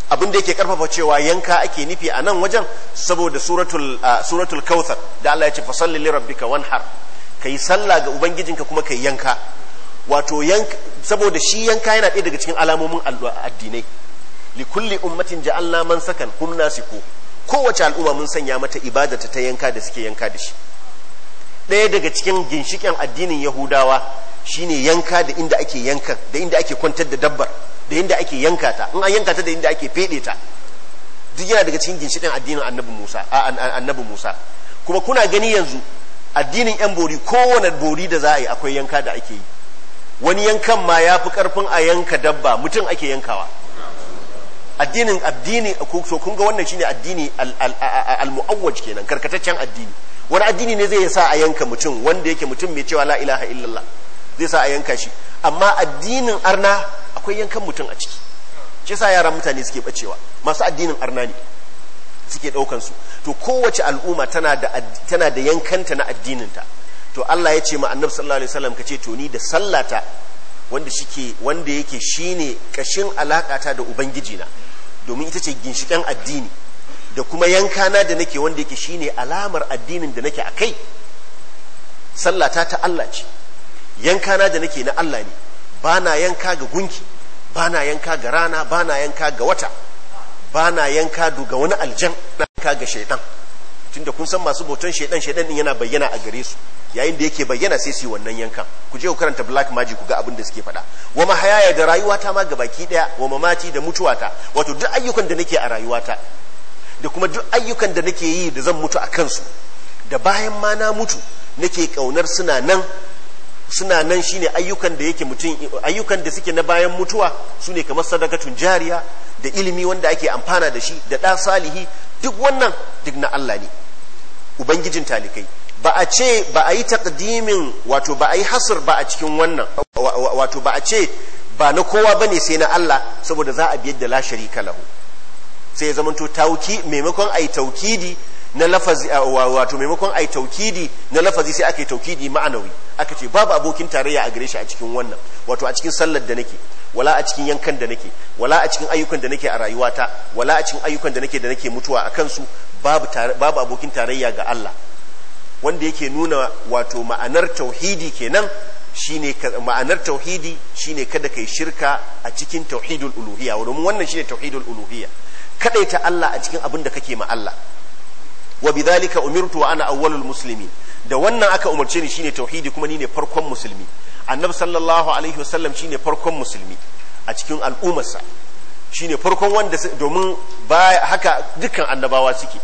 abin da yake karfafa cewa yanka ake nufi a nan wajen saboda suratul suratul da Allah ya ce fasalli li rabbika wanhar kai sallah ga ubangijinka kuma kai yanka wato yanka saboda shi yanka yana ɗaya daga cikin alamomin addinai likulli kulli ummatin ja'alna man sakan hum nasiku kowace al'umma mun sanya mata ibadata ta yanka da suke yanka da shi ɗaya daga cikin ginshiƙen addinin yahudawa shine yanka da inda ake yanka da inda ake kwantar da dabbar da inda ake yanka ta in an yanka ta da inda ake feɗe ta duk yana daga cikin ginshiƙen addinin annabi musa annabi musa kuma kuna gani yanzu addinin yan bori kowane bori da za a yi akwai yanka da ake yi wani yankan ma ya fi karfin a yanka dabba mutum ake yankawa addinin addini kun ga wannan shine addini al-mu'awwaj kenan karkataccen addini wani addini ne zai sa a yanka mutum wanda yake mutum mai cewa la ilaha illallah zai sa a yanka shi amma addinin arna akwai yankan mutum a ciki shi sa yaran mutane suke bacewa masu addinin arna ne suke daukan su to kowace al'umma tana da yankanta na addinin ta to Allah ya ce ma Annabi sallallahu alaihi wasallam kace to ni da sallata wanda yake shine kashin alakata da ubangiji na domin ita ce ginshikan addini da kuma yankana da nake wanda yake shine alamar addinin da nake a kai sallata ta Allah ce yankana da nake na Allah ne ba na yanka ga gunki ba na yanka ga rana ba na yanka ga wata ba na yanka ga wani aljan na yanka ga tun tunda kun san masu boton shaidan shaidan din yana bayyana a gare su yayin da yake bayyana sai su yi wannan yankan ku je ku karanta black magic ku ga abin da suke faɗa wa hayaya da rayuwata ma gabaki daya wa mamati da mutuwata wato duk ayyukan da nake a rayuwata da kuma duk ayyukan da nake yi da zan mutu a kansu da bayan ma na mutu nake kaunar suna nan suna nan shine ayyukan da yake mutum ayyukan da suke na bayan mutuwa su ne kamar sadakatun jariya da ilimi wanda ake amfana da shi da ɗa salihi duk wannan duk na Allah ne ubangijin talikai ba a ce ba a yi takdimin wato ba a yi hasar ba a cikin wannan wato ba a ce ba na kowa bane sai na Allah saboda za a biyar da la sharika lahu sai ya zamanto tauki maimakon ai taukidi na lafazi wato maimakon ai taukidi na lafazi sai aka yi taukidi ma'anawi aka ce babu abokin tarayya a gare shi a cikin wannan wato a cikin sallar da nake wala a cikin yankan da nake wala a cikin ayyukan da nake a rayuwata wala a cikin ayyukan da nake da nake mutuwa a kansu babu babu abokin tarayya ga Allah wanda yake nuna wato ma'anar tauhidi kenan shine ma'anar tauhidi shine kada kai shirka a cikin tauhidul uluhiyya wannan shine tauhidul uluhiyya kadaita Allah a cikin abin da kake ma Allah wa bidhalika umirtu wa ana awwalul muslimin da wannan aka umarce ni shine tauhidi kuma ni ne farkon musulmi annabi sallallahu alaihi wasallam shine farkon musulmi a cikin al'ummarsa shine farkon wanda domin ba haka dukkan annabawa suke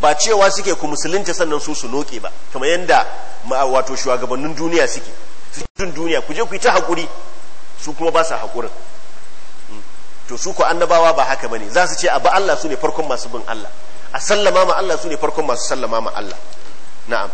ba cewa suke ku musulunta sannan su su noke ba kamar yanda wato shugabannin duniya suke su duniya ku je ku yi ta hakuri su kuma ba sa hakurin to su ko annabawa ba haka bane za su ce abu Allah su ne farkon masu bin Allah a sallama ma Allah su ne farkon masu sallama ma Allah na'am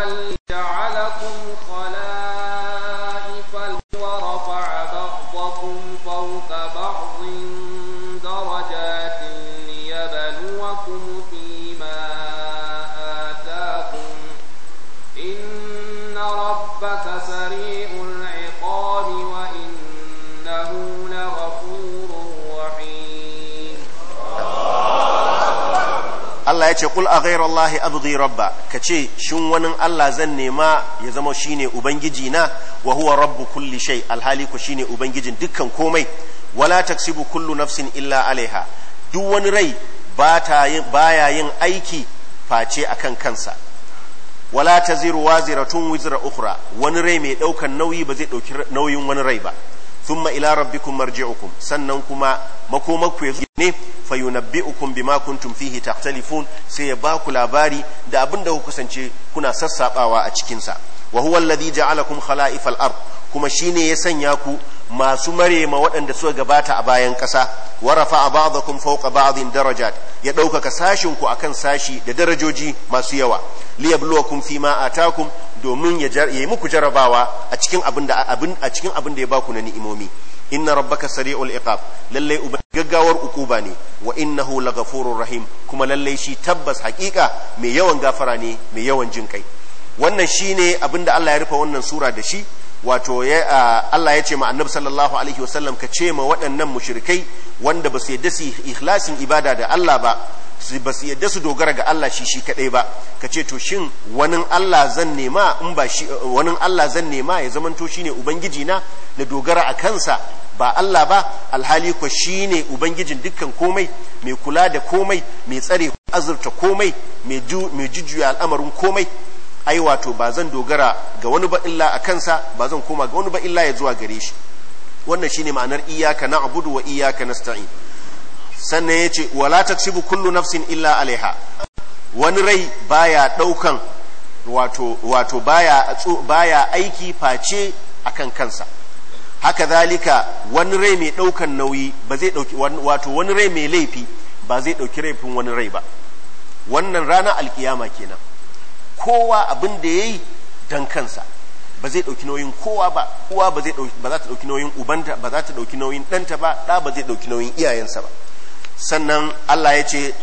وليجعلكم خلائف
Allah ya ce kul a ghairallahi abghi rabba kace shin wani Allah zan nema ya zama shine ubangiji na wa huwa rabbu kulli shai alhali ku shine ubangijin dukkan komai wala taksibu kullu nafsin illa alaiha duk wani rai baya yin aiki face akan kansa wala taziru waziratun wizra ukhra wani rai mai ɗaukar nauyi ba zai ɗauki nauyin wani rai ba thumma ila rabbikum marji'ukum sannan kuma makomakku ya ne fa yunabbi'ukum bima kuntum fihi takhtalifun sai ya baku labari da abin da kusance kuna sassaɓawa a cikinsa. wa huwa alladhi ja'alakum khala'ifal ard kuma shine ya sanya ku masu marema waɗanda suka gabata a bayan ƙasa wa rafa'a ba'dakum fawqa ba'din darajat ya ɗaukaka sashin ku akan sashi da darajoji masu yawa liyabluwakum fima atakum domin ya yi muku jarabawa a cikin abin da abin a cikin abin da ya baku na ni'imomi inna rabbaka sari'ul iqab lalle gaggawar ukuba ne wa innahu laghafurur rahim kuma lalle shi tabbas hakika mai yawan gafara ne mai yawan jinkai kai wannan shi shine abinda Allah ya rufe wannan sura da shi wato Allah ya ce ma annabi sallallahu alaihi wasallam ka ce ma waɗannan mushrikai wanda ba su yadda su ikhlasin ibada da Allah ba ba su yadda su dogara ga Allah shi shi kadai ba ka ce to shin wani Allah zan nema in ba shi wani Allah zan nema ya zamanto shine ubangiji na da dogara a kansa ba Allah ba alhali ko shine ubangijin dukkan komai mai kula da komai mai tsare azurta komai mai jujjuya al'amarin komai ai wato ba zan dogara ga wani ba illa a kansa ba zan koma ga wani ba illa ya zuwa gare shi wannan shine ma'anar iyyaka na'budu wa iyyaka nasta'in sannan yace wala taksibu kullu nafsin illa alaiha wani rai baya daukan wato wato baya baya aiki face akan kansa haka zalika wani rai mai daukan nauyi ba zai dauki wato wani rai mai laifi ba zai dauki laifin wani rai ba wannan rana alkiyama kenan kowa abin da ya yi don kansa ba zai ɗauki nauyin kowa ba uwa ba za ta ɗauki nauyin ubanta ba za ta ɗauki nauyin ɗanta ba ɗa ba zai ɗauki nauyin iyayensa ba sannan Allah ya ce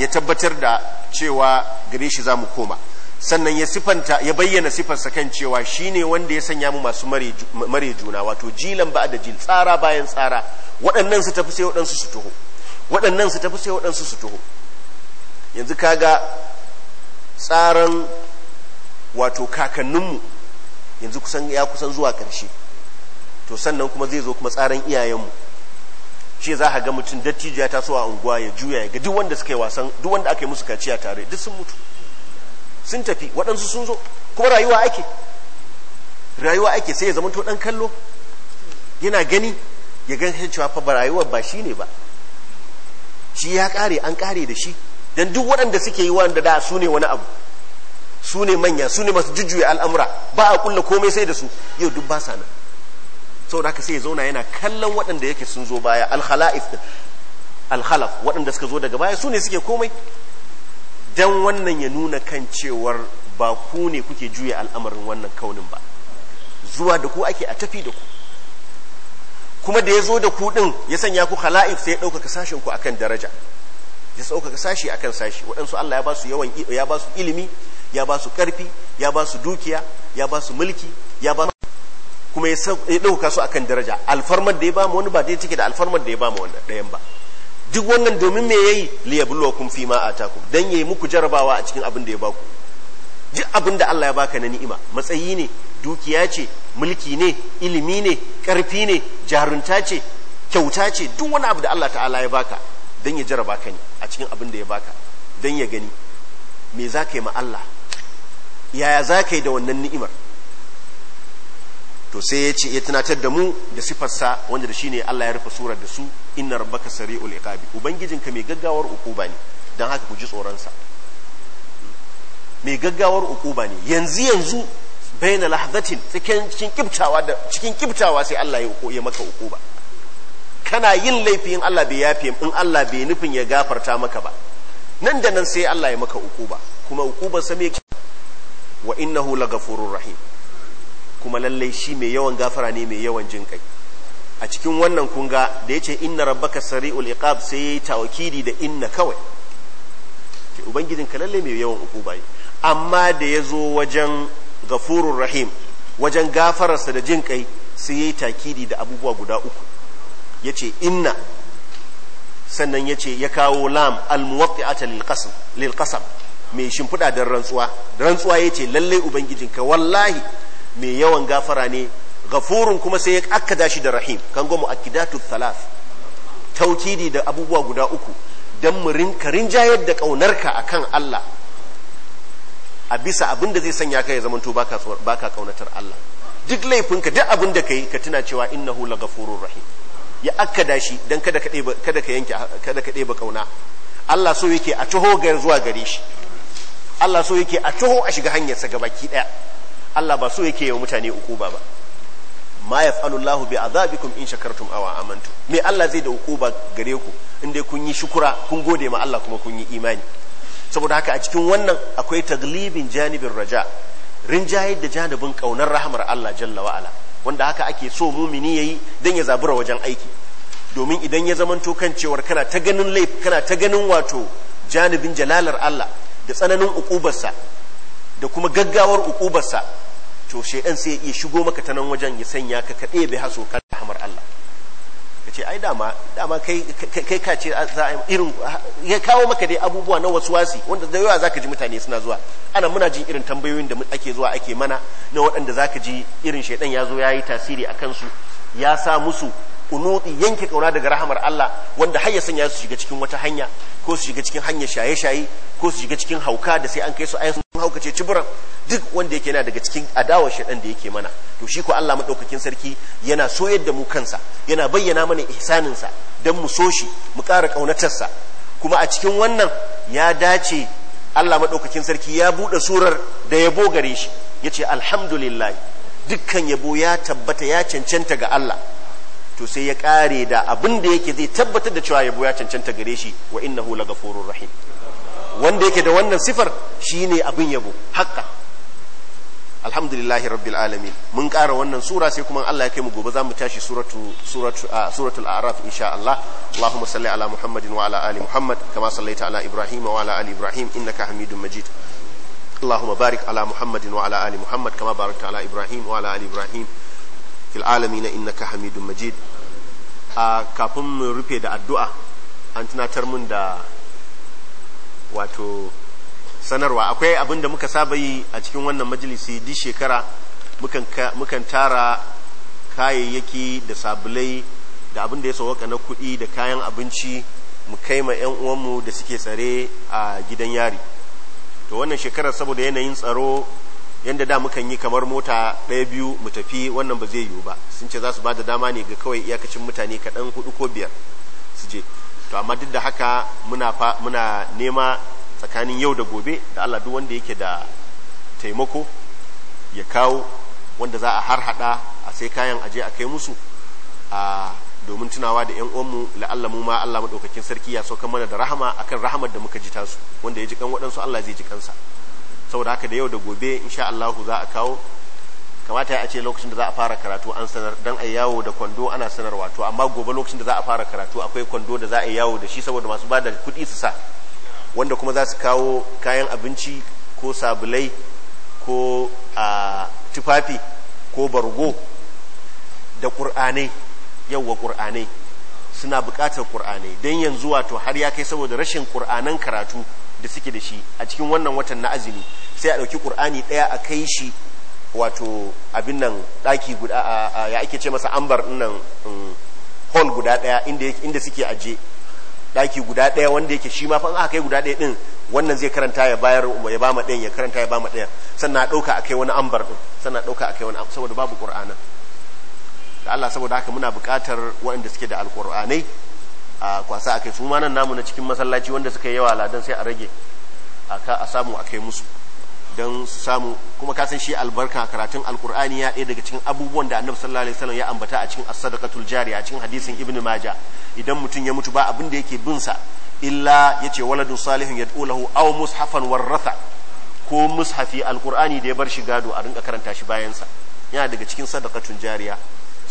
ya tabbatar da cewa gare shi za mu koma sannan ya sifanta ya bayyana sifarsa kan cewa shi ne wanda ya sanya mu masu mare juna wato jilan ba da jil tsara bayan tsara waɗannan su tafi sai waɗansu su taho waɗannan su tafi sai waɗansu su taho yanzu kaga tsaran wato kakanninmu yanzu kusan ya kusan zuwa ƙarshe to sannan kuma zai zo kuma tsaran iyayenmu shi za a ga mutum dattijo ya taso a unguwa ya juya ya ga wanda suka yi wasan duk wanda aka yi musu kaciya tare duk sun mutu sun tafi waɗansu sun zo kuma rayuwa ake rayuwa ake sai ya zama to ɗan kallo yana gani ya gan cewa fa rayuwar ba shi ne ba shi ya ƙare an ƙare da shi dan duk waɗanda suke yi wanda da su ne wani abu su ne manya su ne masu jujjuya al'amura ba a kulla komai sai da su yau duk ba sa nan saboda haka sai ya zauna yana kallon waɗanda yake sun zo baya alhala'if alhalaf waɗanda suka zo daga baya su ne suke komai dan wannan ya nuna kan cewar ba ku ne kuke juya al'amarin wannan kaunin ba zuwa da ku ake a tafi da ku kuma da ya zo da ku ɗin ya sanya ku hala'if sai ya ɗaukaka sashen ku akan daraja ya sauƙaƙa sashi akan sashi waɗansu Allah ya ba su yawan ya ba su ilimi ya ba su ƙarfi ya ba su dukiya ya ba su mulki ya ba kuma ya ɗauka su akan daraja alfarmar da ya ba mu wani ba dai take da alfarmar da ya ba mu ɗayan ba duk wannan domin me yayi li kum fi ma ataku dan yayi muku jarabawa a cikin abin da ya baku duk abin da Allah ya baka na ni'ima matsayi ne dukiya ce mulki ne ilimi ne ƙarfi ne jarunta ce kyauta ce duk wani abu da Allah ta'ala ya baka don ya jaraba ka ne a cikin abin da ya baka don ya gani me za ka yi ma yaya za ka yi da wannan ni'imar to sai ya ce ya tunatar da mu da sifarsa wanda da shi ne Allah ya rufe surar da su inna sare sari'ul iqabi ubangijinka mai gaggawar ukuba ne don haka ku ji tsoron sa mai gaggawar ukuba ne yanzu yanzu baina lahzatin cikin kibtawa cikin kibtawa sai Allah ya ya maka ukuba kana yin laifi in Allah bai yafe in Allah bai nufin ya gafarta maka ba nan da nan sai Allah ya maka ukuba kuma ukuba sa me wa innahu lagafurur rahim kuma lallai shi mai yawan gafara ne mai yawan jin kai a cikin wannan kunga da yace inna rabbaka sari'ul iqab sai yayi da inna kawai ke ubangijin ka lallai mai yawan ukuba ne amma da yazo wajen gafurur rahim wajen gafararsa da jin kai sai yayi takidi da abubuwa guda uku ya ce inna sannan ya ce ya kawo lam almuwatti'ata lil qasam mai shimfiɗa don rantsuwa rantsuwa ya ce lallai ka wallahi mai yawan gafara ne gafurun kuma sai ya akkada shi da rahim kan gomu akidatu thalath taukidi da abubuwa guda uku don mu rinka rinjayar da kaunarka akan Allah a bisa abin da zai sanya ka ya zamanto baka baka kaunatar Allah duk laifinka duk abin da kai ka tuna cewa innahu la gafurun rahim ya akkada shi dan kada ka kada ka yanke kada ka ɗeba kauna Allah so yake a taho ga zuwa gare shi Allah so yake a taho a shiga hanyarsa gabaki daya Allah ba so yake wa mutane ukuba ba ma fa'alu Allah bi azabikum in shakartum aw amantu me Allah zai da ukuba gare ku in dai kun yi shukura kun gode ma Allah kuma kun yi imani saboda haka a cikin wannan akwai taglibin janibin raja rinjayar da janibin kaunar rahmar Allah jalla wa wanda haka ake so mumini yayi dan ya zabura wajen aiki domin idan ya zamanto kan cewar kana ta ganin laif kana ta ganin wato janibin jalalar Allah da tsananin ukubarsa da kuma gaggawar ukubarsa to an sai ya shigo maka ta nan wajen ya sanya ka kaɗe bai haso kan hamar Allah ce ai dama dama kai kai ka ce za a irin ya kawo maka dai abubuwa na wasu wasi wanda da yawa zaka ji mutane suna zuwa ana muna jin irin tambayoyin da ake zuwa ake mana na waɗanda zaka ji irin shaidan ya zo ya yi tasiri a kansu ya sa musu kunuti yanke kauna daga rahamar Allah wanda har ya sanya su shiga cikin wata hanya ko su shiga cikin hanyar shaye-shaye ko su shiga cikin hauka da sai an kai su ayyukan haukace ciburan duk wanda yake yana daga cikin adawar shaɗan da yake mana to shi ko Allah maɗaukakin sarki yana so yadda mu kansa yana bayyana mana ihsaninsa don mu so shi mu ƙara ƙaunatarsa kuma a cikin wannan ya dace Allah maɗaukakin sarki ya buɗe surar da yabo gare shi ya ce alhamdulillah dukkan yabo ya tabbata ya cancanta ga Allah to sai ya kare da abin da yake zai tabbatar da cewa yabo ya cancanta gare shi wa innahu lagafurur rahim wanda yake da wannan sifar shine abin yabo haka. alhamdulillahi rabbil alamin mun ƙara wannan sura sai kuma Allah ya kai mu gobe za mu tashi suratu suratu suratul a'raf insha Allah Allahumma salli ala Muhammadin wa ala ali Muhammad kama sallaita ala Ibrahim wa ala ali Ibrahim innaka Hamidum Majid Allahumma barik ala Muhammadin wa ala ali Muhammad kama barakta ala Ibrahim wa ala ali Ibrahim fil alamin innaka hamidum majid a kafin mu rufe da addu'a an tunatar mun da wato sanarwa akwai abin da muka saba yi a cikin wannan majalisi duk shekara mukan tara kayayyaki da sabulai da abin da ya sauwaka na kuɗi da kayan abinci mu kai ma 'yan uwanmu da suke tsare a gidan yari to wannan shekarar saboda yanayin tsaro yanda da mukan yi kamar mota ɗaya biyu mu tafi wannan ba zai yiwu ba sun ce za su ba da dama ne ga kawai iyakacin mutane kaɗan hudu ko biyar su je to amma duk da haka muna muna nema tsakanin yau da gobe da Allah duk wanda yake da taimako ya kawo wanda za a har hada a sai kayan aje a kai musu a domin tunawa da yan uwanmu la'alla mu ma Allah madaukakin sarki ya sauka mana da rahama akan rahamar da muka ji tasu wanda ya ji kan waɗansu Allah zai ji kansa saboda haka da yau da gobe insha allahu za a kawo kamata a ce lokacin da za a fara karatu an sanar dan a yawo da kwando ana sanarwa to amma gobe lokacin da za a fara karatu akwai kwando da za a yawo da shi saboda masu ba da kuɗi su sa wanda kuma za su kawo kayan abinci ko sabulai ko a tufafi ko bargo da ƙur'anai wa ƙur'anai suna buƙatar ƙur'anai don yanzu wato har ya kai saboda rashin ƙur'anan karatu da suke da shi a cikin wannan watan na azumi sai a ɗauki ƙur'ani ɗaya a kai shi wato abin nan ɗaki guda ya ake ce masa ambar nan um, hall guda ɗaya inda suke aje ɗaki guda ɗaya wanda yake shi ma fa aka kai guda ɗaya ɗin wannan zai karanta ya bayar ya bama ɗayan ya karanta ya bama ɗayan sannan a ɗauka a kai wani ambar ɗin sannan a ɗauka a kai wani saboda babu ƙur'anin da Allah saboda haka muna buƙatar waɗanda suke da alƙur'anai a kwasa a akai su ma nan namu na cikin masallaci wanda suka yi yawa ladan sai a rage a ka a samu a kai musu don su samu kuma ka san shi albarka karatun alkur'ani ya ɗaya daga cikin abubuwan da annabi sallallahu alaihi wasallam ya ambata a cikin as-sadaqatul jariya a cikin hadisin ibnu maja idan mutum ya mutu ba abin da yake bin sa illa ce waladun salihun yad'u lahu aw mushafan warratha ko mushafi alkur'ani da ya bar shi gado a rinka karanta shi bayansa yana daga cikin sadaqatul jariya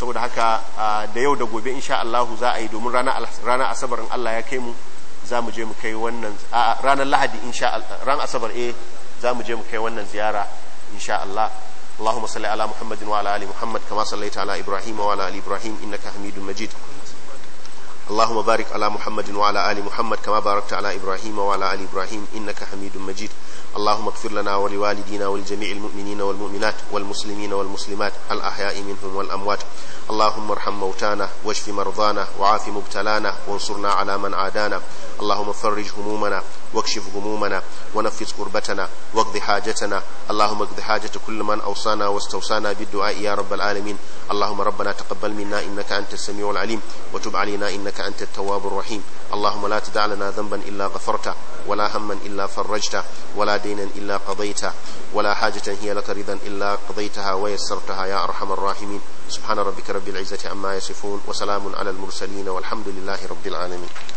saboda haka da yau da gobe insha Allah za a yi domin ranar asabar Allah ya kai mu za mu je mu kai wannan ranar lahadi insha ran asabar eh za mu je mu kai wannan ziyara insha Allah اللهم صل على محمد وعلى ال محمد كما صليت على ابراهيم وعلى ال ابراهيم انك حميد مجيد اللهم بارك على محمد وعلى ال محمد كما باركت على ابراهيم وعلى ال ابراهيم انك حميد مجيد اللهم اغفر لنا ولوالدينا ولجميع المؤمنين والمؤمنات والمسلمين والمسلمات الأحياء منهم والأموات اللهم ارحم موتانا واشف مرضانا وعاف مبتلانا وانصرنا على من عادانا اللهم فرج همومنا واكشف همومنا ونفس كربتنا واقض حاجتنا اللهم اقض حاجة كل من أوصانا واستوصانا بالدعاء يا رب العالمين اللهم ربنا تقبل منا إنك أنت السميع العليم وتب علينا إنك أنت التواب الرحيم اللهم لا تدع لنا ذنبا إلا غفرته ولا هما إلا فرجته ولا دينا إلا قضيته ولا حاجة هي لك رضا إلا قضيتها ويسرتها يا أرحم الراحمين سبحان ربك رب العزة عما يصفون وسلام على المرسلين والحمد لله رب العالمين